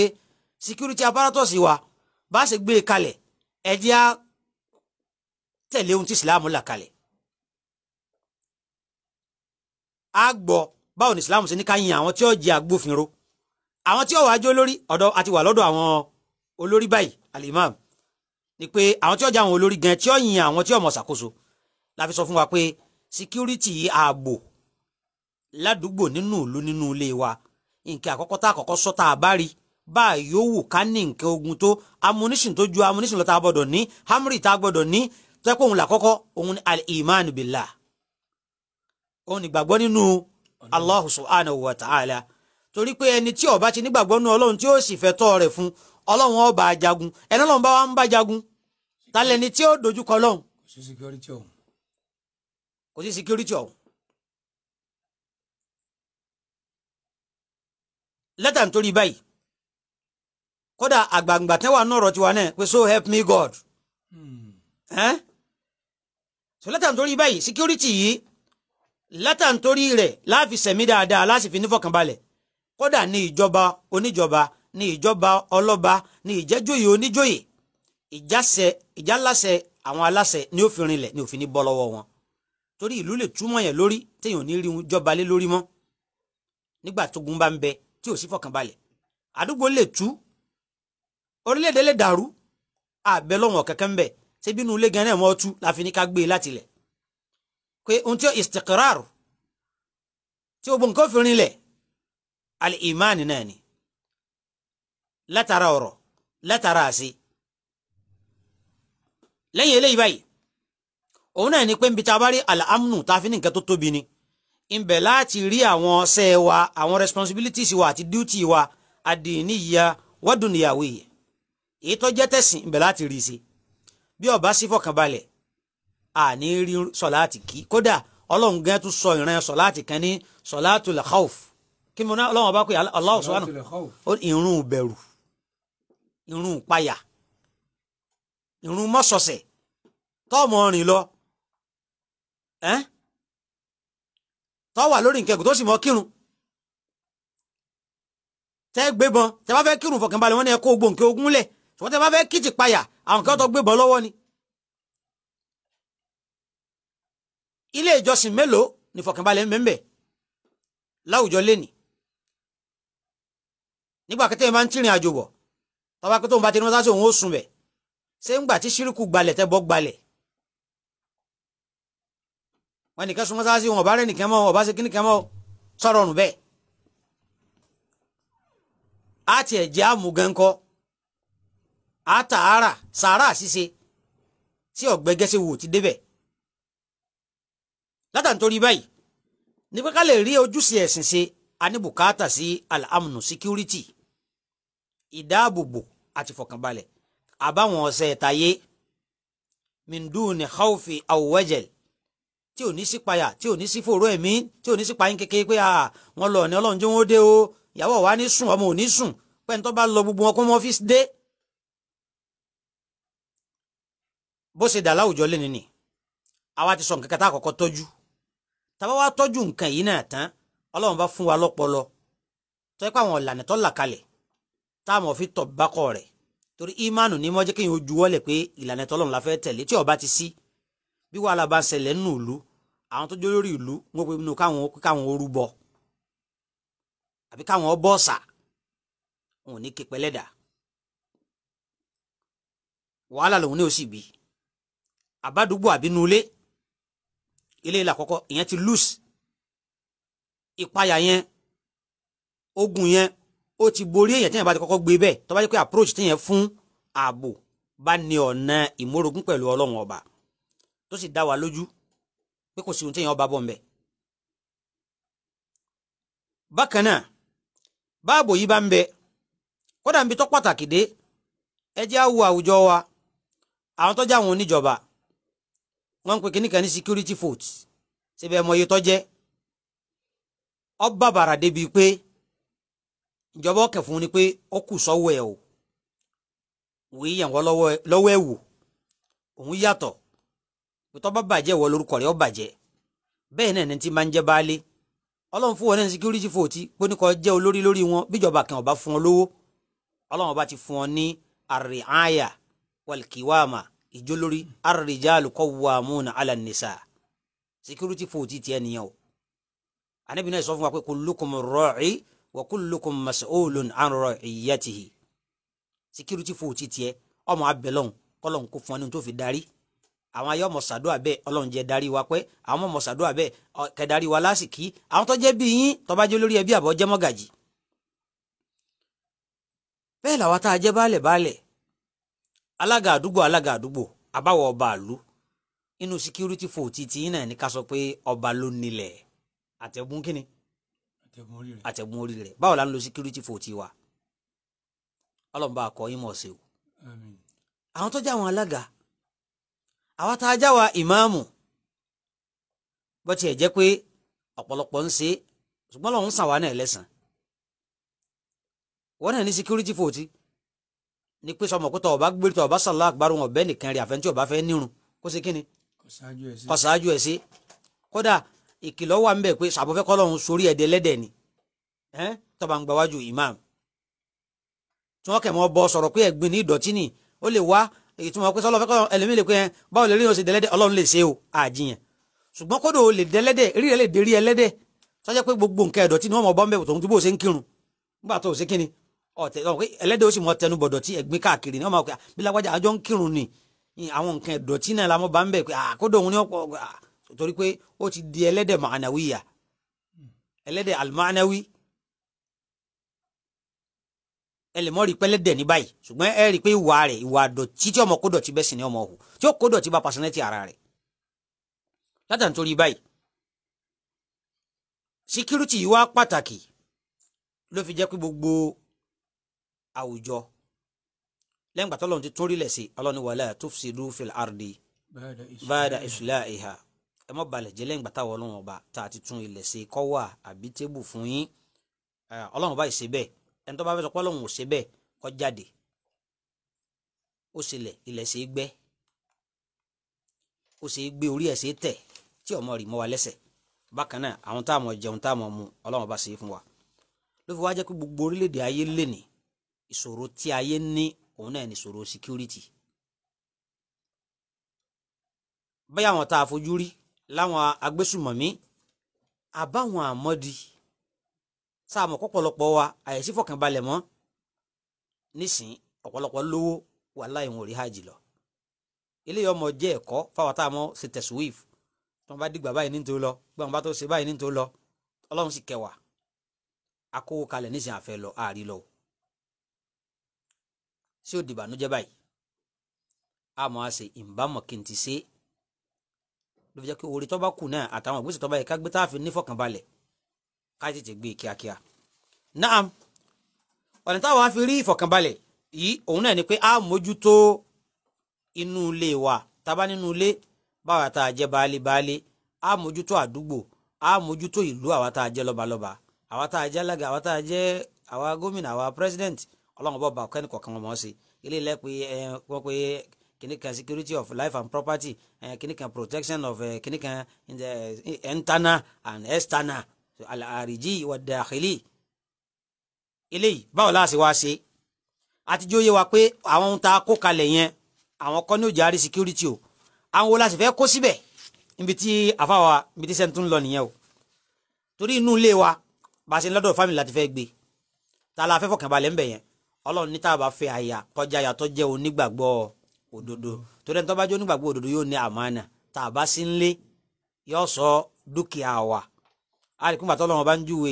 security apparatus wa bá a ṣe gbé e kalẹ̀ ẹ jẹ́ á tẹ̀lé ohun tí ìsìláàmù là kalẹ̀ á gbọ́ báwo ni islam ṣe ní ká yin àwọn tí ó jẹ agbófinró àwọn tí ó wàá jó lórí ọ̀dọ̀ àti wà lọ́dọ̀ àwọn olórí báyìí alimam ni pé àwọn tí ó jẹ àwọn olórí gan tí ó yin àwọn tí ó mọ̀ ṣàkóso la sọ fún wa pé security ààbò ládùúgbò nínú ìlú nínú ilé wa nǹkan àkọ́kọ́ tá àkọ́kọ́ sọ tá a bá rí bá a yòówù ká ní nǹkan ogun tó ammunition tó ju ammunition lọ gbọ́dọ̀ ní hamri tá a gbọ́dọ̀ ní tẹ́kọ̀ òun làkọ́kọ́ òun ni al-imanu billah òun ìgbàgbọ́ nínú Allahu subhanahu wa ta'ala torí pé ẹni tí ọba bá ti nígbàgbọ́ nú ọlọ́run tí ó sì fẹ́ tọ́ rẹ̀ fún ọlọ́run jagun ẹni ọlọ́run bá wa ń bá jagun talẹ̀ ni tí ó dojúkọ ọlọ́run. kò sí security ọ̀hún. kò sí security ọ̀hún. lẹ́tà ń báyìí kódà àgbàǹgbà tẹ́wà náà ọ̀rọ̀ tiwa náà pé so help me God. Hmm. so lẹ́tà ń báyìí security yìí lẹ́tà nítorí rẹ̀ láàfin sẹ̀mí dáadáa láti fi nífọ̀kànbalẹ̀ kódà ní ìjọba oníjọba ní ìjọba ọlọ́ba ní ìjẹ́jòyè oníjòyè ìjàsẹ̀ ìjàláṣẹ àwọn aláṣẹ ní òfin rinlẹ̀ ní òfin ní bọ́ lọ́wọ́ wọn torí ìlú lè túmọ̀ yẹn lórí téèyàn ní rí jọba lé lórí mọ́ nígbà tógun bá ń bẹ tí ò sí fọkànbalẹ̀ àdúgbò lè tú orílẹ̀-èdè lè dàrú àbẹ̀lọ́wọ̀n kankan pé ohun tí ó istiqrar tí ó gbọǹkan fi rinlẹ̀ al-iman náà ni látara ọ̀rọ̀ látara àṣẹ lẹ́yìn eléyìí báyìí òun náà ni pé nbí tá a bá rí al-amnu tá a fi ní nǹkan tó tóbi ni ìbẹ̀ láti rí àwọn ọ̀sẹ̀ wa àwọn responsibilities wa àti duty wa àdìníyà wọ́dùnìyàwó yìí èyí tó jẹ́ tẹ̀sìn ìbẹ̀ láti rí i sí bí ó bá sí àní rí sọ̀láàtì kí kódà ọlọ́run gan tún sọ ìran sọ̀láàtì kan ní sọ̀láàtù lẹ́kọ́ọ̀f kí mo ná ọlọ́run ọba pé Allah subhanahu ìrun bẹ̀rù ìrun páyà ìrun mọ́sọ̀sẹ̀ tọ́ọ̀mọ rìn lọ tọ́wà lórí nkẹ́gùn tó sì mọ́ kírun tẹ́ gbébọn tẹ́ bá fẹ́ kírun fọkànbalẹ̀ wọn ni ẹ kó gbòǹkẹ́ ogun lẹ̀ ṣùgbọ́n tẹ́ bá fẹ́ kìtì páyà àwọn kan gbébọn lọ́wọ́ ni. ilé ìjọsìn mélòó ni fọkànbalẹ̀ ń bẹ ń bẹ láwùjọ lẹ́nì nígbà kẹtẹ́ máa ń tìrìn àjò bọ̀ tọ́ba pé tóun bá ti ní mọ́tàsí òun ó sùn bẹ̀ ṣé ńgbà tí ṣírùkù gbalẹ̀ tẹ́ bọ́ gbalẹ̀ wọn nìkan sún mọ́tàsí òun ọ̀bá rẹ̀ nìkan mọ́ ọ̀bá ṣe kí nìkan mọ́ sọ̀rọ̀ ọ̀nù bẹ́ẹ̀ á tiẹ̀ jẹ́ àmúgankọ́ á tààrà sàárà ṣíṣe tí ọ̀gbẹ́gẹ́sẹ̀ wò ti débẹ̀ látàntorí báyìí ní pé ká lè rí ojúṣe ẹ̀sìn ṣe a ní bùkátà sí alamunu security ìdáàbòbò àti fọkànbalẹ̀ àbáwọn ọ̀sẹ̀ ẹ̀tayé mindúni haufi awuwẹ́jẹ̀l tí ò ní sí payà tí ò ní sí fòró ẹ̀mí tí ò ní sí payín kékeré pé wọ́n lọ ní ọlọ́run jẹ́ wọ́n dé o ìyàwó wa ní sùn ọmọ ò ní sùn pẹ́ńtọ́ bá lọ gbogbo wọn kó wọn fi dé. bó ṣe dà láwùjọ lẹ́ni ni àwa ti sọ nǹkan kan tá tọ́jú tàbá wa tọ́jú nǹkan yìí náà tán ọlọ́run bá fún wa lọ́pọlọ tó yẹ pé àwọn ìlànà tó là kalẹ̀ táwọn fi tọ̀ bákọ̀ rẹ̀ torí ìmánu ní mọ́jẹ́ kéèyàn ojú wọlé pé ìlànà tọ́lọ́run la fẹ́ tẹ̀lé tí ọba ti sí bí wàhálà bá ṣẹlẹ̀ nínú ìlú àwọn tó jó lórí ìlú wọn pe nínú káwọn káwọn orúbọ àbí káwọn ọbọ ọ̀sà wọn ò ní képẹlẹ́dà wàhálà lòun ní òsì bí àbádùgbò àbínú ilé eléyìí làkọ́kọ́ ìyẹn ti loose ìpayà yẹn ogun yẹn ó ti borí èyàn tí yẹn bá ti kọ́kọ́ gbé bẹ́ẹ̀ tó bá jẹ́ pé approach tí yẹn fún ààbò bá ní ọ̀nà ìmórogún pẹ̀lú ọlọ́run ọba tó sì dá wa lójú pé kò sí ohun tí yẹn ọba bọ̀ ń bẹ̀. bákan náà báàbò yìí bá ń bẹ kódà ń bi tó pàtàkì dé ẹ jẹ́ àwọ àwùjọ wa àwọn tó jẹ́ àwọn oníjọba wọ́n ń pè ní security vote síbẹ̀ ẹ̀mọ yìí tọ́jẹ́ ọba bàrà débi pé ìjọba ọkẹ̀ fún ni pé ó kù sọ́wọ́ ẹ̀ o wòye yàn wọ́n lọ́wọ́ ẹ̀ wò òun yàtọ̀ pẹ̀tọ́ bá bàjẹ́ wọ lórúkọ rẹ̀ ó bàjẹ́ bẹ́ẹ̀ náà ní ti máa ń jẹ́ baálé ọlọ́run fún wọn náà security vote gbóníkọ jẹ́ olórí lórí wọn bíjọba kan ọba fún wọn lówó ọlọ́run ọba ti fún wọn ní àrè àyà wàlkìwàmà ìjó lórí ar-rijalu qawwamuna 'ala an-nisaa security fún òtítì ẹ̀ nìyẹn o anabi náà sọ fún wa pé kullukum ra'i wa kullukum mas'ulun 'an ra'iyyatihi security fún òtítì ẹ̀ ọmọ abẹ́lọ́n kọ́lọ́n kó fún ọ ní tó fi darí àwọn ayé ọmọ sàdúrà bẹ́ẹ̀ ọlọ́run jẹ́ darí wa pẹ́ àwọn ọmọ sàdúrà bẹ́ẹ̀ kẹdarí wa lásìkí àwọn tó jẹ́ bí yín tó bá lórí ẹbí àbọ̀ jẹ́ mọ́gàjì bẹ́ẹ̀ làwọn tá a jẹ́ baálẹ̀ baálẹ̀ alága àdúgbò alága àdúgbò àbáwọ ọba àlú inú security fòtì tí iná ní ká sọ pé ọba ló nílẹ̀ àtẹ̀gùn kínni àtẹ̀gùn orí rẹ̀ báwo la ń lo security fòtì wa ọlọ́mọba àkọ́ yín mọ̀ ṣe o àwọn tó jẹ́ àwọn alága àwọn tá a já wa ìmáàmù bó tiẹ̀ jẹ́ pé ọ̀pọ̀lọpọ̀ ń ṣe ṣùgbọ́n lọ́hún sàn wá náà lẹ́sàn-án wọ́n náà ní security fòtì. ni pé sọmọ tọ tọba gbé tọba sàlá àgbàrún ọbẹ nìkan àfẹn tí ọba fẹ nírun kó ṣe kíni ẹ sí kódà ìkìlọ̀ wà ń bẹ pé sàbọfẹ kọlọrun ni tọba ń gba wájú imam tí wọn kẹ bọ sọ̀rọ̀ pé ẹ̀gbin ní ìdọ̀tí ni ó lè wá èyí tí wọn lè pé báwo lè rí dẹlẹdẹ lè ṣe o lè dẹlẹdẹ rí rẹ lè ẹlẹdẹ sọjá pé gbogbo nǹkan ni ọ̀tẹ̀ ọ̀pẹ ẹlẹ́dẹ̀ ó sì mọ tẹnu bọ̀dọ̀ tí ẹ̀gbin káàkiri ni ọmọ ọ̀pẹ ah, bí lágbájá àjọ ń kírun ni àwọn nǹkan ẹ̀dọ̀tí náà la mọ̀ bá ń bẹ̀ pé àkódò ah, òun ni ọ̀pọ̀ ah, torí pé ó ti di ẹlẹ́dẹ̀ màánàwíyà ẹlẹ́dẹ̀ àlùmánáwí ẹ lè mọ rí pẹlẹdẹ ní báyìí ṣùgbọ́n ẹ rí i pé ìwà rẹ̀ ìwà dọ̀tí tí ọmọ kó dọ̀tí bẹ́ẹ̀ sì ni ọmọ ọ̀hún tí ó kó bá pàṣẹnẹ́tì ara rẹ̀ látà nítorí báyìí síkírútì yìí wá pàtàkì ló fi jẹ́ pé gbogbo àwùjọ lẹ́yìn gbàtọ́ lọ́run ti tún rí lẹ̀ sí ọlọ́run wala tufsidu fil ardi ba'da islahiha ẹ má balẹ̀ jẹ́ lẹ́yìn gbàtà wọ́n lọ́wọ́n ọba tá a ti tún ilẹ̀ sí kọ́ wà àbí tébù fún yín ọlọ́run ọba ìṣe bẹ́ẹ̀ ẹni tó bá fẹ́ sọ pé ọlọ́run ò ṣe bẹ́ẹ̀ kó jáde ó ṣẹlẹ̀ ilẹ̀ ṣe gbẹ́ ó ṣe gbé orí ẹ̀ ṣe tẹ̀ tí ọmọ rì mọ́ wa lẹ́sẹ̀ bákan náà àwọn táwọn jẹun táwọn mu ọlọ́run ọba ṣe fún wa ló fi wá jẹ́ pé gbogbo orílẹ̀-èdè ayé lénìí ìṣòro tí ayé ní òun náà ni ìṣòro security báyà wọn tá a fojú rí láwọn agbésùmọ̀mí àbáwọn àmọ́di tá a mọ̀ kọ́pọ̀lọpọ̀ wa àyẹ̀sí fọkànbalẹ̀ mọ́ nísìn ọ̀pọ̀lọpọ̀ lówó wà láì wọn ò rí hajj lọ eléyìí ọmọ jẹ́ ẹ̀kọ́ fáwọn tá a mọ̀ ṣe tẹ̀síwìf tí wọ́n bá dìgbà báyìí ní tó lọ gbọ́n bá tó ṣe báyìí ní tó lọ ọlọ́run sì kẹwàá akówó kalẹ̀ nísìn àfẹ́ lọ àárí lọ sí òdì ìbànújẹ́ báyìí a mọ̀ á ṣe ìbámu kí n ti ṣe ló fi jẹ́ kí orí tó bá kù náà àtàwọn ìgbésẹ̀ tó bá yẹ táàfin nífọ̀kànbalẹ̀ ká tètè gbé e kíákíá naam ọ̀nà táwọn á fi rí ìfọ̀kànbalẹ̀ yìí òun náà ni pé a mójútó inú ilé wa tábà nínú ilé báwa tá a jẹ́ baálé baálé a mójútó àdúgbò a mójútó ìlú àwa tá a jẹ́ lọ́balọ́ba àwa tá a jẹ́ alága àwa tá a jẹ́ àwa gómìnà àwa president ọlọ́run bọ̀ bá kẹ́ni kọ̀ọ̀kan wọn mọ̀ ọ́ sí ilé ilẹ̀ pé ẹ wọ́n pé kìnnì kan security of life and property kìnnì kan protection of kìnnì kan internal and external àríjì wà dàkìlì eléyìí báwo la ṣe wá ṣe àtijọ́ yé wa pé àwọn ohun tá a kó kalẹ̀ yẹn àwọn kọ́ ní òjàrí security o àwọn wo la sì fẹ́ kó síbẹ̀ níbi tí àfáwa níbi tí sẹ́ńtún ń lọ nìyẹn o torí inú ilé wa bá a ṣe ń lọ́dọ̀ family láti fẹ́ gbé ta la fẹ́ fọkànbalẹ̀ ń bẹ̀ yẹn ọlọ́run ní tá a bá fẹ́ aya kọjá aya tó jẹ́ onígbàgbọ́ òdodo tó dẹ́ni tó bá jẹ́ onígbàgbọ́ òdodo yóò ní àmánà tá a bá sí ń lé yóò sọ dúkìá wa àríkún bàtà ọlọ́run bá ń júwe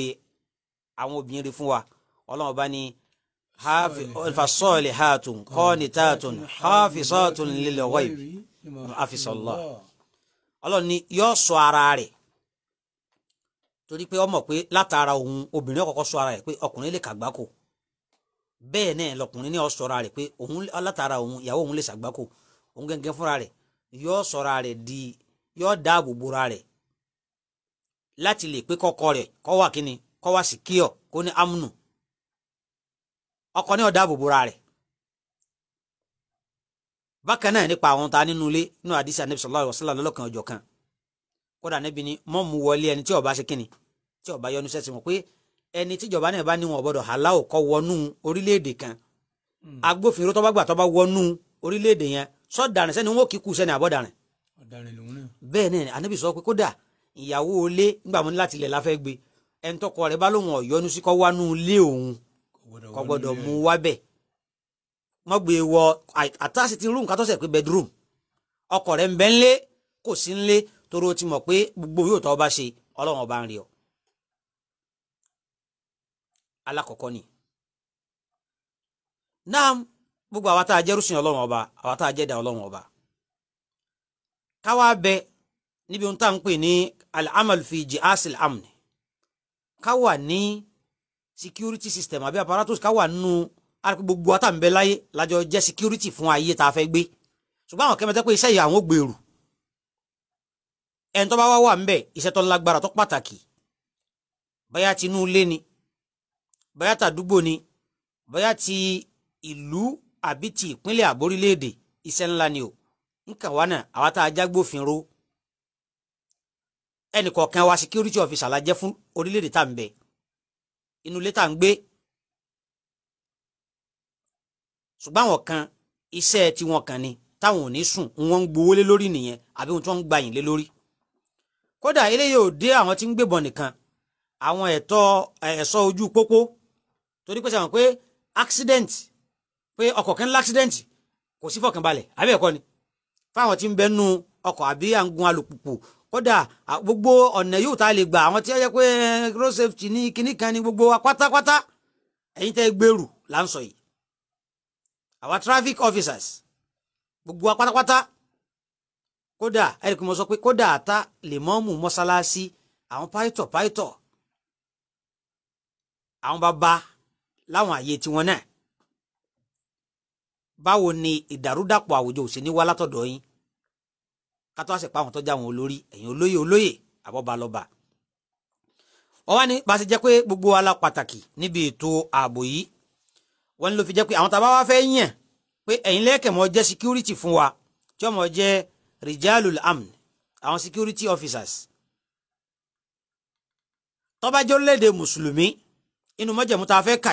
àwọn obìnrin fún wa ọlọ́run bá ní fasọ́ọ̀lì hàtùn kọ́ọ̀nì tààtùn hàfisọ́ọ̀tùn lílẹ̀ wọ́ì àfisọ́lọ́ ọlọ́run ní yóò sọ ara rẹ̀ torí pé ọmọ pé látara òun obìnrin ọkọ̀ọ̀kọ̀ sọ ara rẹ̀ pé ọkùnrin lè kàgbákò bẹ́ẹ̀ náà lọkùnrin ní ó sọra rẹ̀ pé òun látara òun ìyàwó òun lè ṣàgbákò òun gẹ́gẹ́ fúnra rẹ̀ yóò sọra rẹ̀ di yóò dáàbò bora rẹ̀ láti lè pé kọ́kọ́ rẹ̀ kọ́ wà kíni kọ́ wà sí kíọ̀ kó ní amúnù ọkọ ní ó dáàbò bora rẹ̀ bákan náà nípa àwọn ta nínú ilé nínú àdìsí anabi sallallahu alaihi wasallam lọ́lọ́kan kan kódà níbi ni mọ́mú wọlé ẹni tí ó bá ṣe kíni tí ó bá yọnu sẹ́sìn mọ̀ pé ẹni tíjọba náà bá ní wọn gbọ́dọ̀ aláwọ kọ wọnú orílẹ̀-èdè kan hmm. agbófinró tó bá gbà tó bá wọnú orílẹ̀-èdè yẹn sọ̀daràn sẹ́ni wọn kì í kú sẹ́ni àbọ̀daràn. bẹ́ẹ̀ ni anabi sọ pé kódà ìyàwó ilé ńgbà mú láti ilẹ̀ láfẹ́ gbé ẹni tọkọ rẹ̀ bá lóun ọ̀yọ́nu sí kọ́ wánú ilé òun kò gbọ́dọ̀ mú wá bẹ̀ wọ́n gbé wọ àtàsí ti rúùmù kátọ́sẹ̀ pé bedroom ọkọ rẹ̀ ń bẹ ńlé kò sí ńlé toró ti mọ̀ pé gbogbo yóò tọ́ ọ bá ṣe ọlọ́run ọba ń rí ọ alákọ̀ọ́kọ́ ni naam gbogbo àwa tá a jẹ́ rúṣin ọlọ́run ọba àwa tá a jẹ́ ọlọ́run ọba káwa bẹ níbi ohun tá à ń pè ní al-amal fi jihasil amni káwa ní security system àbí apparatus káwa nù gbogbo wa tá ń bẹ láyé lájọ jẹ́ security fún ayé tá a fẹ́ gbé ṣùgbọ́n àwọn kẹ́mẹ́tẹ́ pé iṣẹ́ yìí àwọn ò gbèrú ẹni bá wá wà ń bẹ iṣẹ́ tó lágbára tó pàtàkì báyà tinú ilé ni bóyá tàdúgbò ni bóyá ti ìlú àbí ti ìpínlẹ̀ àbórílẹ̀-èdè iṣẹ́ ńlá ni o nǹkan wa náà àwa tá a jágbófinró ẹnìkọ̀ọ̀kan wa security officer la jẹ́ fún orílẹ̀-èdè tá à bẹ inú ilé tá à gbé ṣùgbọ́n àwọn kan iṣẹ́ tiwọn kan ni táwọn ò ní sùn wọn ń gbowó lé lórí nìyẹn àbí wọn tí wọn ń gba yìn lé lórí kódà eléyìí ò dé àwọn tí ń gbébọn nìkan àwọn ẹ̀tọ́ ẹ̀ṣọ́ ojú pópó torí pé sẹ́wọ̀n pé accident pé ọkọ̀ kan ńlá accident kò sí fọkànbalẹ̀ àbí ẹ̀kọ́ ni fáwọn tí ń bẹ nu ọkọ̀ àbí à ń gun alùpùpù kódà gbogbo ọ̀nà yóò tá a lè gbà àwọn tí wọ́n yẹ pé road safety ní kinní kan ní gbogbo wa pátápátá ẹ̀yin tẹ́ gbèrú là ń sọ yìí àwọn traffic officers gbogbo wa pátápátá kódà ẹ̀rì kò mọ̀ sọ pé kódà àta lè mọ́ọ̀mù mọ́sálásí àwọn pàìtọ̀ pàìtọ̀ àwọn bàbá láwọn àyè tiwọn náà báwo ni ìdàrúdàpọ̀ àwùjọ ò sí ní wá látọ̀dọ̀ yín kátó àṣepá àwọn tọ́jà àwọn olórí ẹ̀yin olóyè olóyè àbọ̀balọba wọ́n wá ní bá a ṣe jẹ́ pé gbogbo wa la pàtàkì níbi ètò ààbò yìí wọ́n ló fi jẹ́ pé àwọn tàbá wa fẹ́ yàn pé ẹ̀yin lẹ́kẹ̀ mọ́ jẹ́ security fún wa tí ọmọ jẹ́ rijalul amn àwọn security officers tọ́bajọ́ léde mùsùlùmí inú mọ́jẹ̀mú tá a fẹ́ kà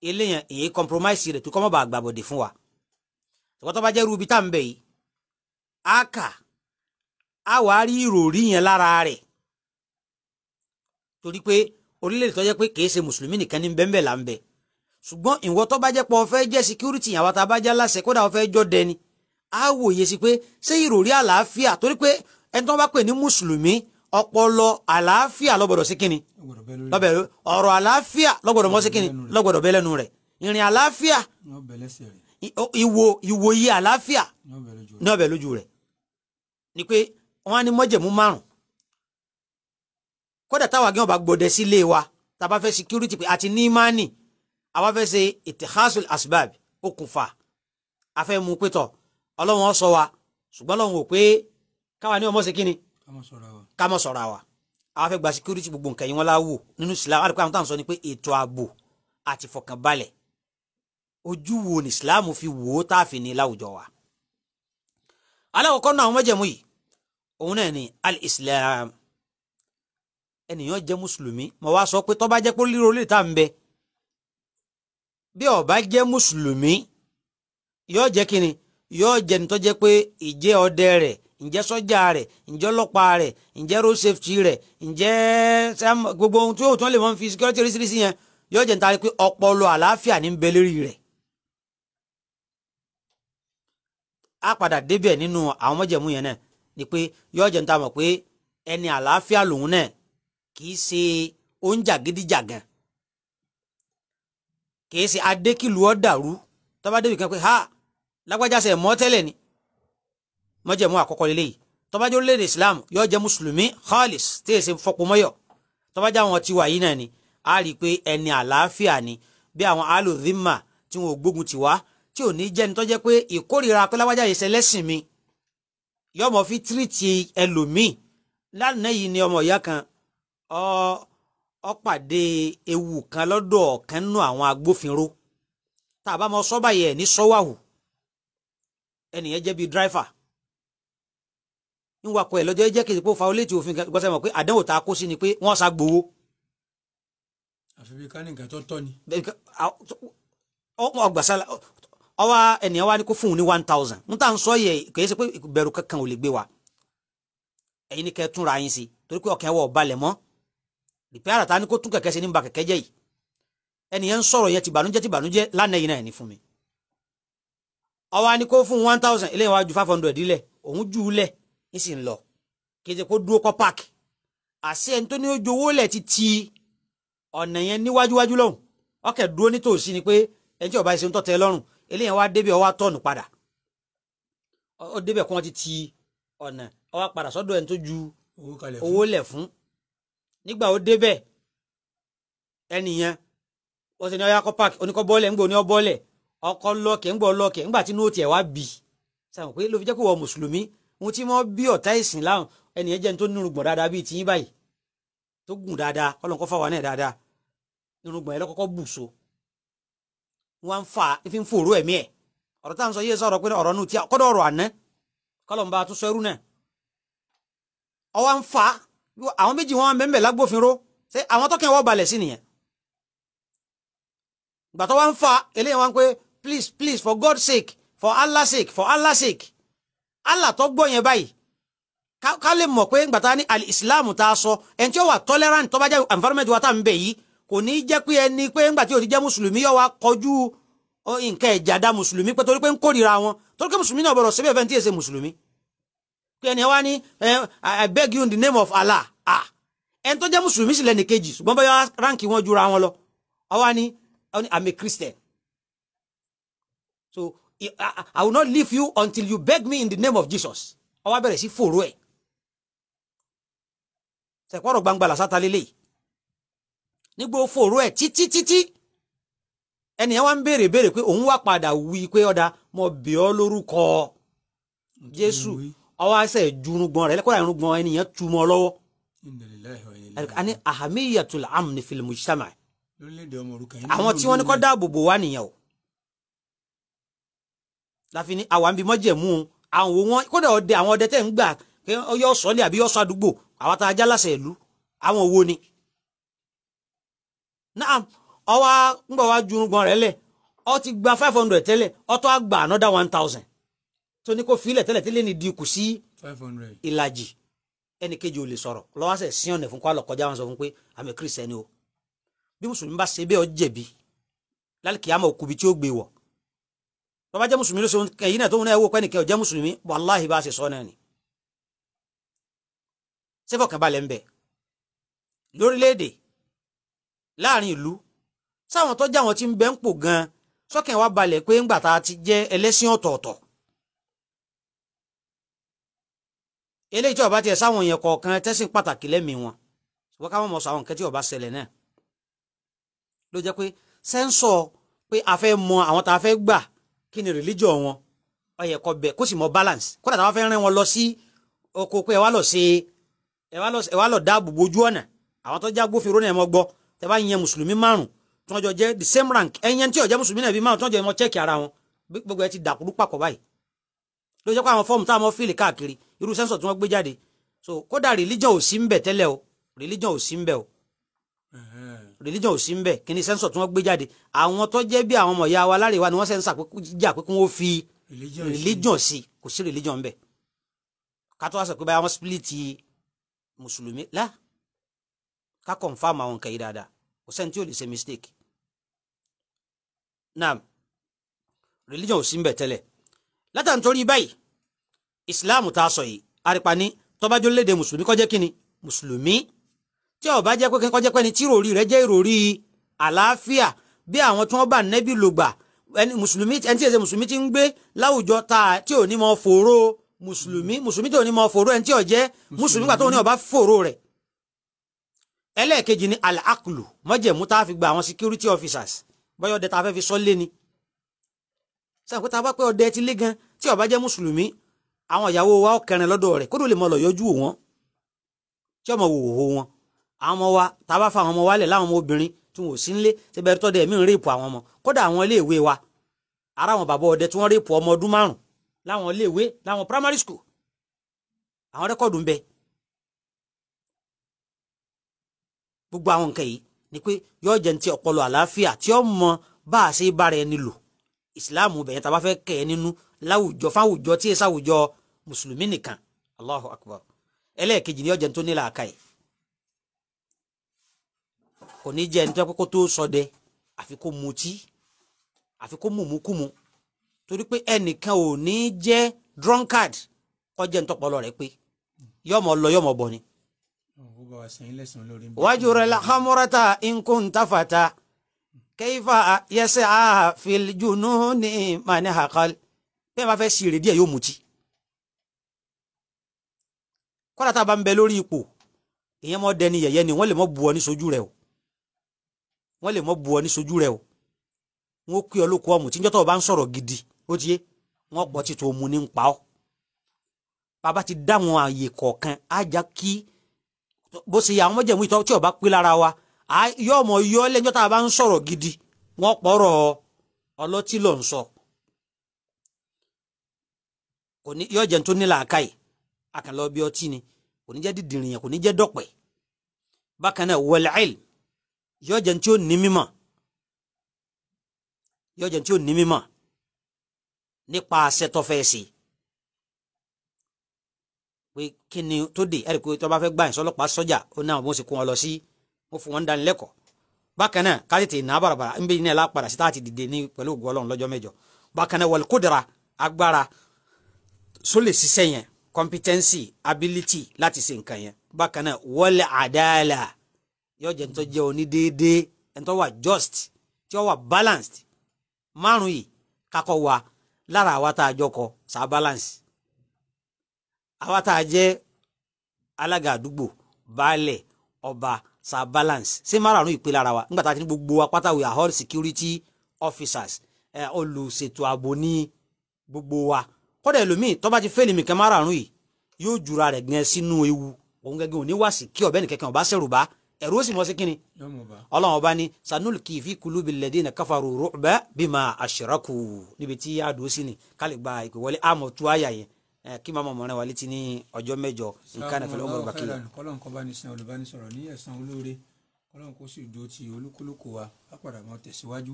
eléyàn èyí compromise rẹ̀ pé kọ́mọ́ bá gbàbọ̀dè fún wa ṣùgbọ́n bá jẹ́ rubi tá à ń bẹ̀ yìí á kà á wà á rí ìròrí yẹn lára rẹ̀ torí pé orílẹ̀-èdè tó jẹ́ pé kìí ṣe mùsùlùmí nìkan ní bẹ́ẹ̀ là ń bẹ̀ ṣùgbọ́n ìwọ tó bá jẹ́ pé fẹ́ jẹ́ security yẹn àwọn tá a bá já láṣẹ kódà o fẹ́ jọ dẹni á wòye sí pé ṣé ìròrí àlàáfíà torí pé ẹni tó bá pè ní mùsùlùmí ọpọlọ àlàáfíà lọ́gbọ̀dọ̀ sí kínni lọ́bẹ̀rẹ̀ ọ̀rọ̀ àlàáfíà lọ́gbọ̀dọ̀ mọ́ sí kínni lọ́gbọ̀dọ̀ bẹ́ẹ̀ lẹ́nu rẹ̀ ìrìn àlàáfíà ìwò ìwòye àlàáfíà ní ọbẹ̀ lójú rẹ̀ ni pé wọ́n á ní mọ́jẹ̀mú márùn kódà táwa gẹ́wọ́n bá gbọ́dẹ sí wa tá fẹ́ security pé àti ní imáàní àwa fẹ́ ṣe ìtìhásùl asbab okùnfà afẹ́ mu pétọ̀ ọlọ́run ó ṣọ́ wa ṣùgbọ́n ọlọ́run wò pé káwa ní ọmọ ṣe kínni ká mọ̀ sọ̀rọ̀ àwà àwọn fẹ́ gba security gbogbo nǹkan yìí wọ́n láwò nínú islam àdìpẹ́ àwọn táwọn sọ ni pé ètò ààbò àti ìfọ̀kànbalẹ̀ ojú wo ni islam fi wò ó tá ní láwùjọ wa. alákọ̀ọ́kọ́ náà àwọn mẹ́jẹ̀mú yìí òun náà ni al-islam ẹnìyàn jẹ́ mùsùlùmí mo wá sọ pé tó bá jẹ́ pé lílo lè ta ń bí ó jẹ́ mùsùlùmí yóò jẹ́ kíni yóò jẹ́ ni tó jẹ́ pé ìjẹ́ ọdẹ rẹ̀ ǹjẹ́ sọ́jà rẹ̀ ǹjẹ́ ọlọ́pàá rẹ̀ ǹjẹ́ road safety rẹ̀ ǹjẹ́ gbogbo ohun tí yóò tán lè mọ́ fi security oríṣiríṣi yẹn yóò jẹ́ nítorí pé ọpọlọ àlàáfíà ní bẹ rẹ̀. a padà débẹ̀ nínú àwọn mọ́jẹ̀mú yẹn náà ni pé yóò jẹ́ nítorí pé ẹni àlàáfíà lòun náà kì í ṣe oúnjàgídíjàgan kì í ṣe adékìlú ọ̀dàrú tọ́ba débi kan pé ha lágbájá sẹ̀ mọ́ ni mọ́jẹ̀mú àkọ́kọ́ lélẹ́yìí tó bá jẹ́ orílẹ̀-èdè islam yóò jẹ́ mùsùlùmí khalis tí èsè fọpọmọyọ tó bá jẹ́ àwọn tiwa yìí náà ni a rí i pé ẹni àlàáfíà ni bí àwọn alòdìmà tí wọn ò gbógun tì wá tí ò ní jẹ́ni tó jẹ́ pé ìkórìíra akọ́láwájà yìí ṣẹlẹ́sìn mi yọmọ fi tírìtì ẹlòmíì lánàá yìí ni ọmọ ìyá kan ọ ọ pàdé ewu kan lọ́dọ̀ ọ̀kan nù àwọn agbófinró tá a bá mọ ní sọ́wáhù ẹnìyẹn jẹ́ bíi dráìfà ń wakọ̀ ẹ̀ lọ́jọ́ jẹ́ kejì pé ó fa olétí òfin gbọ́sẹ̀ mọ̀ pé àdánwò tá a kó sí ni pé wọ́n sá gbowó. àfi bí ká ní nǹkan tó tọ́ ni. ọgbàsálà ọwọ́ ẹnìyàn wa ni kó fún un ní one thousand n tà ń sọ yẹ kì í ṣe pé ìbẹ̀rù kankan ò lè gbé wa ẹ̀yin ni kẹ́ ẹ túnra yín sí torí pé ọkàn ẹ̀ wọ̀ ọ̀ balẹ̀ mọ́ rìpẹ́rà ta ni kó tún kẹ̀kẹ́ ṣe ní ba kẹ̀kẹ́ jẹ́ yìí ẹnìyẹn sọ̀rọ̀ yẹ tìbànújẹ́ tìbànújẹ́ lánàá yìí náà ní fún mi ọwọ́ ni kó fún one thousand eléyìí wá ju five hundred lẹ̀ òun jù ú lẹ̀ ń sì ń lọ kì í ṣe kó dúró kọ́ páàkì àṣẹ ẹni tó ní ojú owó lẹ̀ ti ti ọ̀nà yẹn níwájúwájú lọ́hùn ọkẹ́ dúró nítòsí ni pé ẹni tí ọba ìṣe ń tọ́ tẹ lọ́rùn eléyàn wá débẹ̀ ọwá tọ̀nù padà ó débẹ̀ kí wọ́n ti ti ọ̀nà ọwá padà sọ́dọ̀ ẹni tó ju owó lẹ̀ fún nígbà ó débẹ̀ ẹnìyẹn wọ́n ti ní ọyá kọ́ páàkì oníkọ́ bọ́ọ̀lẹ̀ ńgbò ní ọ bọ́ọ̀lẹ̀ ọkọ̀ lọ́ọ̀kẹ́ ńgbọ̀ lọ́ọ̀kẹ́ ńgbà tí nóòtì ẹ̀ wá bì sáwọn ló fi jẹ́ kó wọ mùsùlùmí òun tí wọ́n bí ọ̀tá ìsìn láwọn ẹnì yẹn jẹ́ ní tó nírùngbọ̀n dáadáa bíi tìyín báyìí tó gùn dáadáa kọ́lọ́n kọ́ fà wá náà dáadáa nírùngbọ̀n yẹn lọ́kọ́kọ́ bù so wọ́n fà fi ń fòró ẹ̀mí ẹ̀ ọ̀rọ̀ táwọn sọ yé sọ̀rọ̀ pé ọ̀rọ̀ nù tí kọ́dọ̀ ọ̀rọ̀ àná kọ́lọ́n bá tún sọ irú náà ọwọ́ ń fà àwọn méjì wọn mẹ́mẹ́ lágbófinró ṣé àwọn tọ́kẹ́ wọ́n balẹ̀ sí nìyẹn gbàtọ́ wọn ń eléyìí wọn pé please please for God's sake for Allah's sake for Allah's sake Allah tó gbọ́ yẹn báyìí ká lè mọ̀ pé gbàtà ní alìsílámù tá a sọ ẹni tí ó wà tolerant tó bá jẹ́ environment wa tá n bẹ̀ yìí kò ní jẹ́ pé ẹni pé ńgbà tí ti jẹ́ mùsùlùmí yọ wa kọjú nǹkan ẹ̀já dá mùsùlùmí pé torí pé ń kórìíra wọn torí pé mùsùlùmí náà bọ̀rọ̀ síbẹ̀ fẹ́ ní tí èsè mùsùlùmí pé ẹni wá ní eh, I beg you in the name of Allah ah ẹni tó jẹ́ mùsùlùmí sì lẹ́nu kejì ṣùgbọ́n bá yọ ránkì wọn jura wọn lọ ọwọ́ ni I'm a Christian so I will not leave you until you beg me in the name of Jesus ó wá bẹ̀rẹ̀ sí fòró ẹ̀ sẹ̀kọ́rọ̀ gbangba làṣàtà lélẹ̀ nígbò fòró ẹ̀ títí títí ẹnì yẹn wá ń béèrè béèrè pé òun wá padà wí pé ọ̀dà mo bẹ̀ ọ́ lórúkọ Jésù ó wá ṣe jurungbọ̀n rẹ̀ kódà irungbọ̀n ẹnì tu mọ́ lọ́wọ́ ani ahamiyatul amni fil mujtama àwọn tí wọ́n ní kó dáàbò bò wá nìyẹn láfi ní àwa ń bi mọ́jẹ̀mú o àwọn òwò wọn kódà ọdẹ àwọn ọdẹ tẹ̀ ń gbà pé yọ sọ́lé àbí yọ sọ àdúgbò àwa tá a já ìlú àwọn òwò ni. náà ọwọ́ ń wá ju irungbọ̀n rẹ̀ lẹ̀ ọ ti gba five hundred tẹ́lẹ̀ ọtọ́ àgbà another one thousand tó ní kó filẹ̀ tẹ́lẹ̀ tẹ́lẹ̀ ní di kù sí ìlàjì ẹnì kejì ò lè sọ̀rọ̀ lọ́wọ́ sẹ̀ sí ọ̀nà fún kó àlọ́ kọjá wọn sọ fún pé àmì kírísítẹ́nì o tó bá jẹ́ mùsùlùmí ló ṣe ẹ̀yìn náà tó náà wò pé nìkan ò jẹ́ mùsùlùmí wàláhì bá ṣe sọ náà ni ṣẹ́fọ̀kànbalẹ̀ ń bẹ lórílẹ̀‐èdè láàrin ìlú sáwọn tó jáwọn ti ń bẹ ń pò gan sọ́kàn wa balẹ̀ pé ńgbà tá a ti jẹ́ ẹlẹ́sìn ọ̀tọ̀ọ̀tọ̀ eléyìí tí ọba tiẹ̀ sáwọn yẹn kọ̀ọ̀kan tẹ́sìn pàtàkì lẹ́mìí wọn ṣùgbọ́n káwọn mọ̀ sọ àwọn nǹkan tí ọba ṣẹlẹ̀ náà ló jẹ́ pé sẹ́ńsọ̀ pé a fẹ́ mọ àwọn tá a fẹ́ gbà kí ni religion wọn ó yẹ kó bẹ kó sì mọ balance kódà táwọn fẹ́ rìn wọn lọ sí oko pé ẹ wá lọ ṣe ẹ wá lọ dáàbò bójú ọ̀nà àwọn tó jẹ́ agbófinró náà ẹ mọ gbọ́ tẹ bá yẹn mùsùlùmí márùn tí wọ́n jọ jẹ́ the same rank ẹ̀yẹn tí ó jẹ́ mùsùlùmí náà bí márùn tí wọ́n jọ mọ chẹ́ẹ̀kì ara wọn gbogbo ẹ ti dàkúrú pàkọ́ báyìí ló jẹ́ pé àwọn fọ́ọ̀mù táwọn fíìlì káàkiri irú sẹ́ńsọ̀ tí wọ́n gbé jáde so kódà religion ò sí ń bẹ̀ tẹ́lẹ̀ o religion ò sí ń bẹ̀ o religion ò sí ń bẹ̀ kí ni sẹ́ńsọ̀ tí wọ́n gbé jáde àwọn tó jẹ́ bí àwọn ọmọ ìyá wa láríwá ni wọ́n sẹ́ńsà jà pé kí wọ́n fi religion sí kò sí religion ń bẹ̀ kátó wá sọ pé báyà wọ́n split mùsùlùmí lá ká confam àwọn nǹkan yìí dáadáa kò sẹ́ni tí ò lè ṣe mistake naam religion ò sí ń bẹ̀ tẹ́lẹ̀ látàntorí báyìí islam tá a sọ yìí arípa ní tọ́bájọ́ léde mùsùlùmí kó jẹ́ kí ni mùsùlùmí tí ó bá jẹ́ pé kíkọ́ jẹ́ pé ẹni tí ìròrí rẹ̀ jẹ́ ìròrí àlàáfíà bí àwọn tí wọ́n bá nẹ́bí lògbà ẹni mùsùlùmí ẹni tí èsè mùsùlùmí ti ń gbé láwùjọ ta tí ò ní mọ fòró mùsùlùmí mùsùlùmí tí ò ní mọ fòró ẹni tí ò jẹ́ mùsùlùmí gbà tó ní ó bá fòró rẹ̀ ẹlẹ́ẹ̀kejì ni al-aqlu mọ́jẹ̀mú tá a fi gba àwọn security officers bọ́yọ̀ ọdẹ tá a fẹ́ fi sọ lé ni sọ pé a bá pẹ́ ọdẹ ti lé gan tí ó bá jẹ́ mùsùlùmí àwọn ìyàwó wa ọkẹrin lọ́dọ̀ rẹ̀ kó ló lè mọ lọ yọjú wọn tí ọmọ wòwò wọn àwọn ọmọ wa tá a bá fa àwọn ọmọ wa lẹ̀ láwọn ọmọ obìnrin tí wọn ò sí nílé ṣe bẹ̀rẹ̀ tọ́ de ẹ̀mí ń rèpò àwọn ọmọ kódà àwọn iléèwé wa ara àwọn bàbá ọdẹ tí wọ́n rèpò ọmọ ọdún márùn láwọn iléèwé láwọn primary school àwọn rẹ́kọ̀dù ń bẹ gbogbo àwọn nǹkan yìí ni pé yóò jẹ́ ní ti ọpọlọ àlàáfíà tí ó mọ bá a ṣe bára ẹni lò ìsìláàmù bẹ̀yẹn tá a bá fẹ́ kẹ̀ ẹ́ nínú láwùjọ fáwùjọ tí èsàwùjọ mùsùlùmí nìkan Allahu akbar ẹlẹ́ẹ̀kejì ni yóò jẹ́ ní tó nílà àkàyè kò ní jẹ́ ẹni tó yẹ kó tó sọdẹ àfi kó mutí àfi kó mùmúkùmù torí pé ẹnìkan ò ní jẹ́ drunkard kọjá ní tọpọlọ rẹ pé yọmọ lọ yọmọ bọ ni. wájú rẹ la hamurata nkún tafata kẹfà yẹsẹ àhà fìlìjùnú ní mani hakal bẹ́ẹ̀ bá fẹ́ ṣèrè díẹ̀ yóò mutí kọ́dà tá a bá ń bẹ lórí ipò ìyẹn mọ́ dẹni yẹ̀yẹ́ ni wọ́n lè mọ́ bu ọ ní sojú rẹ o wọ́n lè mọ́ bu ọ ní sojú rẹ o wọ́n pè ọ́ lóko tí njọ́tọ̀ bá ń sọ̀rọ̀ gidi ó ti yé wọ́n gbọ́ títí omu ní ń pa ọ́ bàbá ti dáwọn àyè kọ̀ọ̀kan á já kí bó ṣe yà àwọn mọ̀jẹ̀mú ìtọ́ tí ọba pé lára wa yọ ọmọ yọ ọ lẹ́jọ́ bá ń sọ̀rọ̀ gidi wọ́n pọ̀rọ̀ ọlọ́tí ló ń sọ kò ní yọ jẹun tó ní làákàyè àkànlọ́ bí ọtí ni kò ní jẹ́ dídìrìyàn kò ní jẹ́ dọ̀pẹ́ bákan náà wal ilm yóò jẹ́ tí ó ní mímọ̀ yóò jẹ́ nípa àṣẹ pé kí ni tó dé ẹ̀rí pé tó bá fẹ́ gbà yín sọlọ́pàá sọ́jà ó náà bó ṣe kó wọn lọ sí ó fún wọn dánilẹ́kọ̀ọ́ bákan náà ká tètè nà á bàràbàrà ń bẹ yín náà lápadà sí táàtì dìde ní pẹ̀lú ògùn ọlọ́run lọ́jọ́ mẹ́jọ bákan náà wal kudra agbára sólè ṣiṣẹ́ yẹn competency ability láti ṣe nǹkan yẹn bákan náà wal adala yóò jẹ́ ntọ́ jẹ́ oní déédéé ntọ́ wà just tí ó wà balanced márùn yìí kakọ wa lára àwa tá a jọ kọ sá balance àwa tá a jẹ́ alága àdúgbò baálẹ̀ ọba sá balance ṣé márùn ìpè lára wa nígbà tá a ti ní gbogbo apátáwé all security officers olùṣètò ààbò ní gbogbo wa kọ́dà ẹlòmíì tó bá ti fẹ́ẹ̀lì mi kan márùn yìí yóò jura rẹ̀ gẹ́ sínú ewu òun gẹ́gẹ́ òní wá sí kí ọ̀bẹ́ni kẹ̀kẹ́ ọ̀bá ṣẹ̀rù bá ẹ̀rú ó sì mọ́ sí kínni ọlọ́run ọba ni sanulki fi kulubi ladina kafaru ru'ba bima ashraku níbi tí àdúró sí ni kálí gba ìpè wọlé àmọ̀ tó àyà yẹn kí máa mọ̀mọ́rin wa létí ní ọjọ́ mẹ́jọ nǹkan ìfẹ́lẹ́ ọmọ ìgbà kìlọ̀. kọ́lọ́n kọ́ bá ní sin olùbánisọ̀rọ̀ ní ẹ̀sán olóore kọ́lọ́n kó sì dúró ti olúkúlùkù wa lápàdà máa tẹ̀síwájú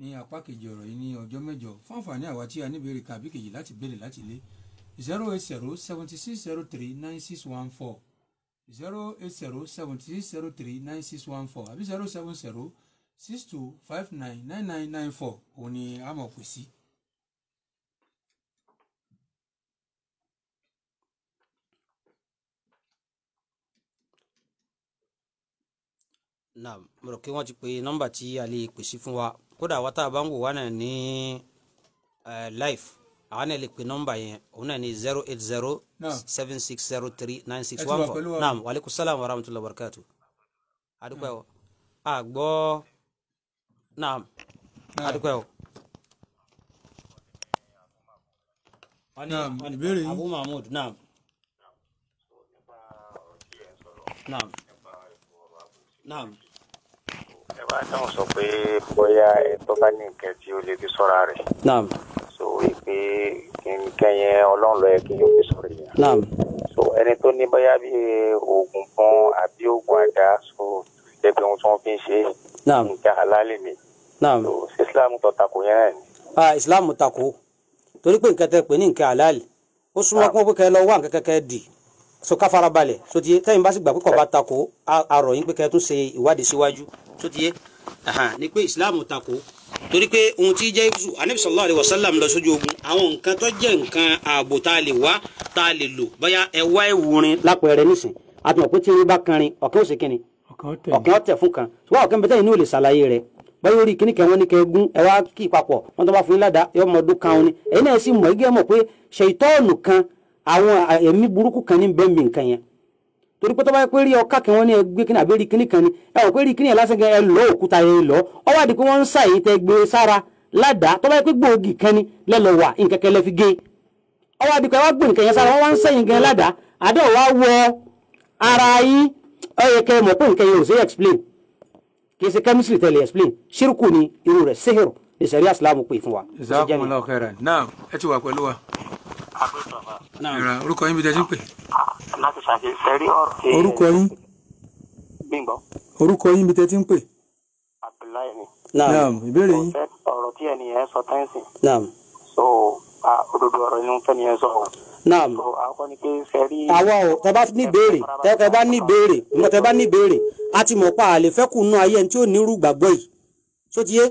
ní apá kejì ọ̀rọ̀ yìí ní ọjọ́ mẹ́jọ fún àǹfààní àwa tí a ní kàbí kejì láti béèrè láti lé zero eight zero seventy six zero three nine six one four zero eight zero seven six zero three nine six one four àbí zero seven zero six two five nine nine nine nine four òun ni a mọ̀ pè sí. naam mo rò pé wọ́n ti pe nọ́mbà tí a lè pèsè fún wa kódà wa tá a bá ń wò wá náà ní eh, live àwọn náà lè pe nọ́mbà yẹn òun náà ni zero eight zero seven six zero three nine six one four naam waaleykum salaam wa rahmatulah wa barakatu adúpẹ́ o àgbọ̀ naam adúpẹ́ o. naam ìbéèrè yìí abu mahmud naam naam naam ẹ bá dáhùn sọ pé bóyá ẹ tó ní nǹkan tí ó lè fi sọ́ra rẹ̀. naam. naam. naam. naam wípé nǹkan yẹn ọlọ́run ló yẹ kí yóò fi sọ̀rọ̀ yẹn. so ẹni tó ní bóyá bí oògùn kan àbí oògùn àdá so jẹ́bi ohun tí wọ́n fi ń ṣe nǹkan àlálẹ̀ ni. so islam tó yẹn náà ni. ah islam takò torí pé nǹkan tẹ pé ní nǹkan àlálì ó súnmọ́ ah. kó pé kẹ́ lọ wá nǹkan kẹ́kẹ́ dì so ká fara balẹ̀ so tiye tẹ́yìn bá sì gbà pé kò bá takò àrọ̀ yín pé kẹ́ tún ṣe ìwádìí síwájú so tiye ni pé islam takò torí pé ohun tí jẹ́ ibùsùn anabi alayhi wa sallam lọ sójú ogun àwọn nǹkan tó jẹ́ nǹkan ààbò tá a lè wá tá a lè lò bóyá ẹ wá ìwúrin lápẹẹrẹ nísìn àti ọ̀pẹ tí yín bá kanrin ọ̀kẹ́ ò sí kínni ọ̀kẹ́ ọ̀tẹ̀ fún kan wọ́n ọ̀kẹ́ bẹ́tẹ̀ yìí ní ò lè ṣàlàyé rẹ̀ báyọ̀ orí kíní kẹwọn ní kẹgún ẹ wá kí ìpapọ̀ wọn tó bá fún yín ládàá yọ ọmọ ọdún kan ni ẹ̀yin náà sì mọ̀ igi ẹ̀ mọ̀ pé ṣèyítọ́ọ̀nù kan àwọn ẹ̀mí burúkú kan ní bẹ́ẹ̀ mi nǹkan yẹn torí pé tó bá yẹ pé rí ọkà kí wọ́n ní ẹgbẹ́ kíní àbẹ́rí kíní kan ni ẹ wọ́n pé rí kíní yẹn lásán gan ẹ lọ òkúta yẹn lọ ọ wá di pé wọ́n ń sà yìí tẹ gbé sára ládàá tó bá yẹ pé gbòógì kan ni lẹ́lọ wà nǹkan kẹlẹ́ fi gé ọ wá di pé wọ́n gbé nǹkan yẹn sára wọ́n wá ń sẹ́yìn gan ládàá àdó wa wọ ara yín ọ yẹ kẹ́ mọ̀ pé nǹkan yẹn ò sí explain kì í ṣe chemistry tẹ̀lé explain ṣírkù ni irú rẹ̀ sehiru ìṣẹ̀rí àsìlámù pè fún wa. ìṣàkùnrin ọ̀kẹ́rẹ̀ náà ẹ ti ìrà orúkọ yín bí dájú pé. láti ṣàkíyèsí rí ọ̀rọ̀ tí. orúkọ yín. bímbọ. orúkọ yín bí tẹ́tí ń pè. abdullahi ni. naam ìbéèrè yín. ọ̀rọ̀ tí ẹnìyẹn sọ tẹ́ǹsì. naam. so òdodo ọ̀rọ̀ ni fẹ́ nìyẹn sọ. naam. àwọn ni pé sẹ́rí. àwa o tẹ bá ní béèrè tẹ bá ní béèrè tẹ bá ní béèrè a ti mọ̀ pa àlè fẹ́kùnú ayé ẹni tí ò ní rú gbàgbọ́ yìí sótìyé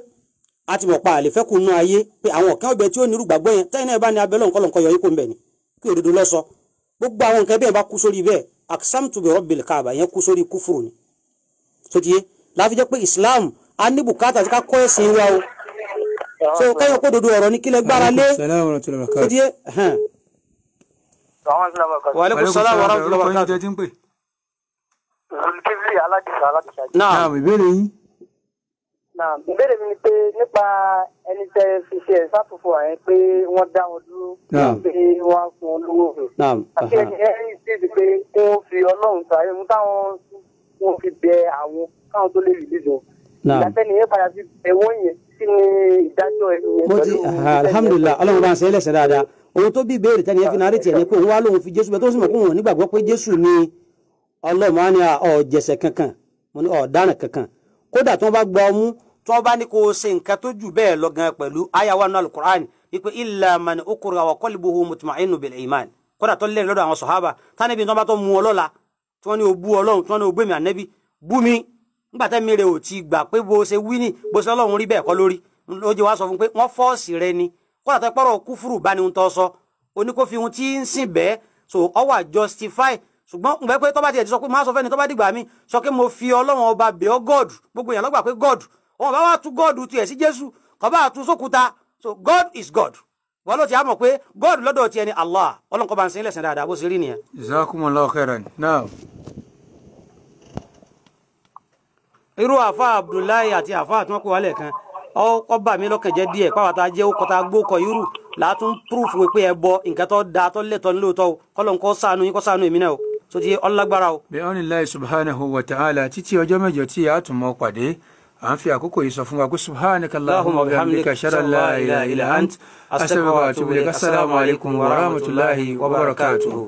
a ti mọ̀ pa àlè fẹ́kù nú ayé pé àwọn kan ọbẹ̀ tí ó nírú gbàgbọ́ yẹn tẹ́yìn náà bá ní abẹ́lọ́ nǹkan lọ́nkọ́ yọ yín kó ń bẹ̀ ni kí òdodo lọ sọ gbogbo àwọn nǹkan bẹ́ẹ̀ bá kú sórí bẹ́ẹ̀ aksamtu bi rabbil kaaba yẹn kú sórí kúfùrù ni tó yé láfi jẹ́ pé Islam a ní bùkátà tí ká kọ́ ẹ̀sìn wa o so kẹ́yìn kó dodo ọ̀rọ̀ ní kílẹ̀ gbára lé tó ti yé. wa alaikum salaam wa rahmatullahi wa barakatuh náà ìbéèrè mi ni pé nípa ẹni tẹ fi ṣe ẹ̀sán àfòfò àyẹn pé wọ́n dá wọn dúró pé wọ́n á fún olówó rẹ̀ àti ẹni ẹni síbi pé kí wọ́n fi ọlọ́run sáré mú táwọn wọ́n fi bẹ àwọn káwọn tó lè rìlíìsì wọn ìgbàfẹ́ni yẹn padà sí ẹ̀wọ̀n yẹn kí ni ìdájọ́ ẹni yẹn pẹ̀lú alhamdulilayi ọlọ́run bá ń ṣe é dáadáa ohun tó bí ìbéèrè tẹ́ni ẹ fi náà rètí ni pé òun wá lóun fi jésù bẹ́ẹ̀ tó sì mọ̀ pé òun nígbàgbọ́ pé jésù ni ọlọ́run á ní kankan ọ̀daràn kankan kódà tí wọ́n bá gba ọmú tó bá ní kó o ṣe nǹkan tó jù bẹ́ẹ̀ lọ gan pẹ̀lú àyà wa nù alukur'an wípé illa iman kódà tó lẹ́rìí lọ́dọ̀ àwọn sọ̀hábà tánibí tó bá mu mú tí wọ́n ní o bú ọlọ́run tí wọ́n ní o gbé mi ànẹ́bí mi nígbà tẹ́mi rẹ̀ ò ti gbà pé bó ṣe wí ni bó ṣe ọlọ́run rí bẹ́ẹ̀ kọ́ lórí ó jẹ́ wá sọ fún pé wọ́n fọ́ọ̀sì rẹ ni kódà tó bá mi fi ọlọ́run ọba God gbogbo èèyàn lọ́gbà pé God wọn bá wá tú God tiẹ̀ sí Jésù kọ́ bá tú sókúta so God is God wọ́n ló ti àmọ̀ pé God lọ́dọ̀ tiẹ̀ ni Allah ọlọ́nkọ́ bá ń sin lẹ́sìn dáadáa bó ṣe rí nìyẹn. Jazakumullahu khairan náà. irú àfa Abdullahi àti àfa tí wọ́n kó wálẹ̀ kan ọkọ̀ bà mí lọ́kàn jẹ́ díẹ̀ pàwọ́ ta jẹ́ ókọ̀ ta gbókọ̀ irú látún púrúfù pé ẹ bọ nǹkan tó da tó lẹ́tọ̀ nílòótọ́ o kọ́lọ̀ ń sànú yín kọ́ sànú èmi náà o tó ti ọlágbára o. bí ọ́nìláì subhanahu wa ta'ala títí ọjọ́ mẹ́jọ tí a tún mọ́ pàdé à ń fi àkókò yìí sọ fún wa kó subhanaka allahumma wa bihamdika ashhadu an la ilaha illa ant astaghfiruka wa atubu ilaik assalamu alaikum wa rahmatullahi wa barakatuhu.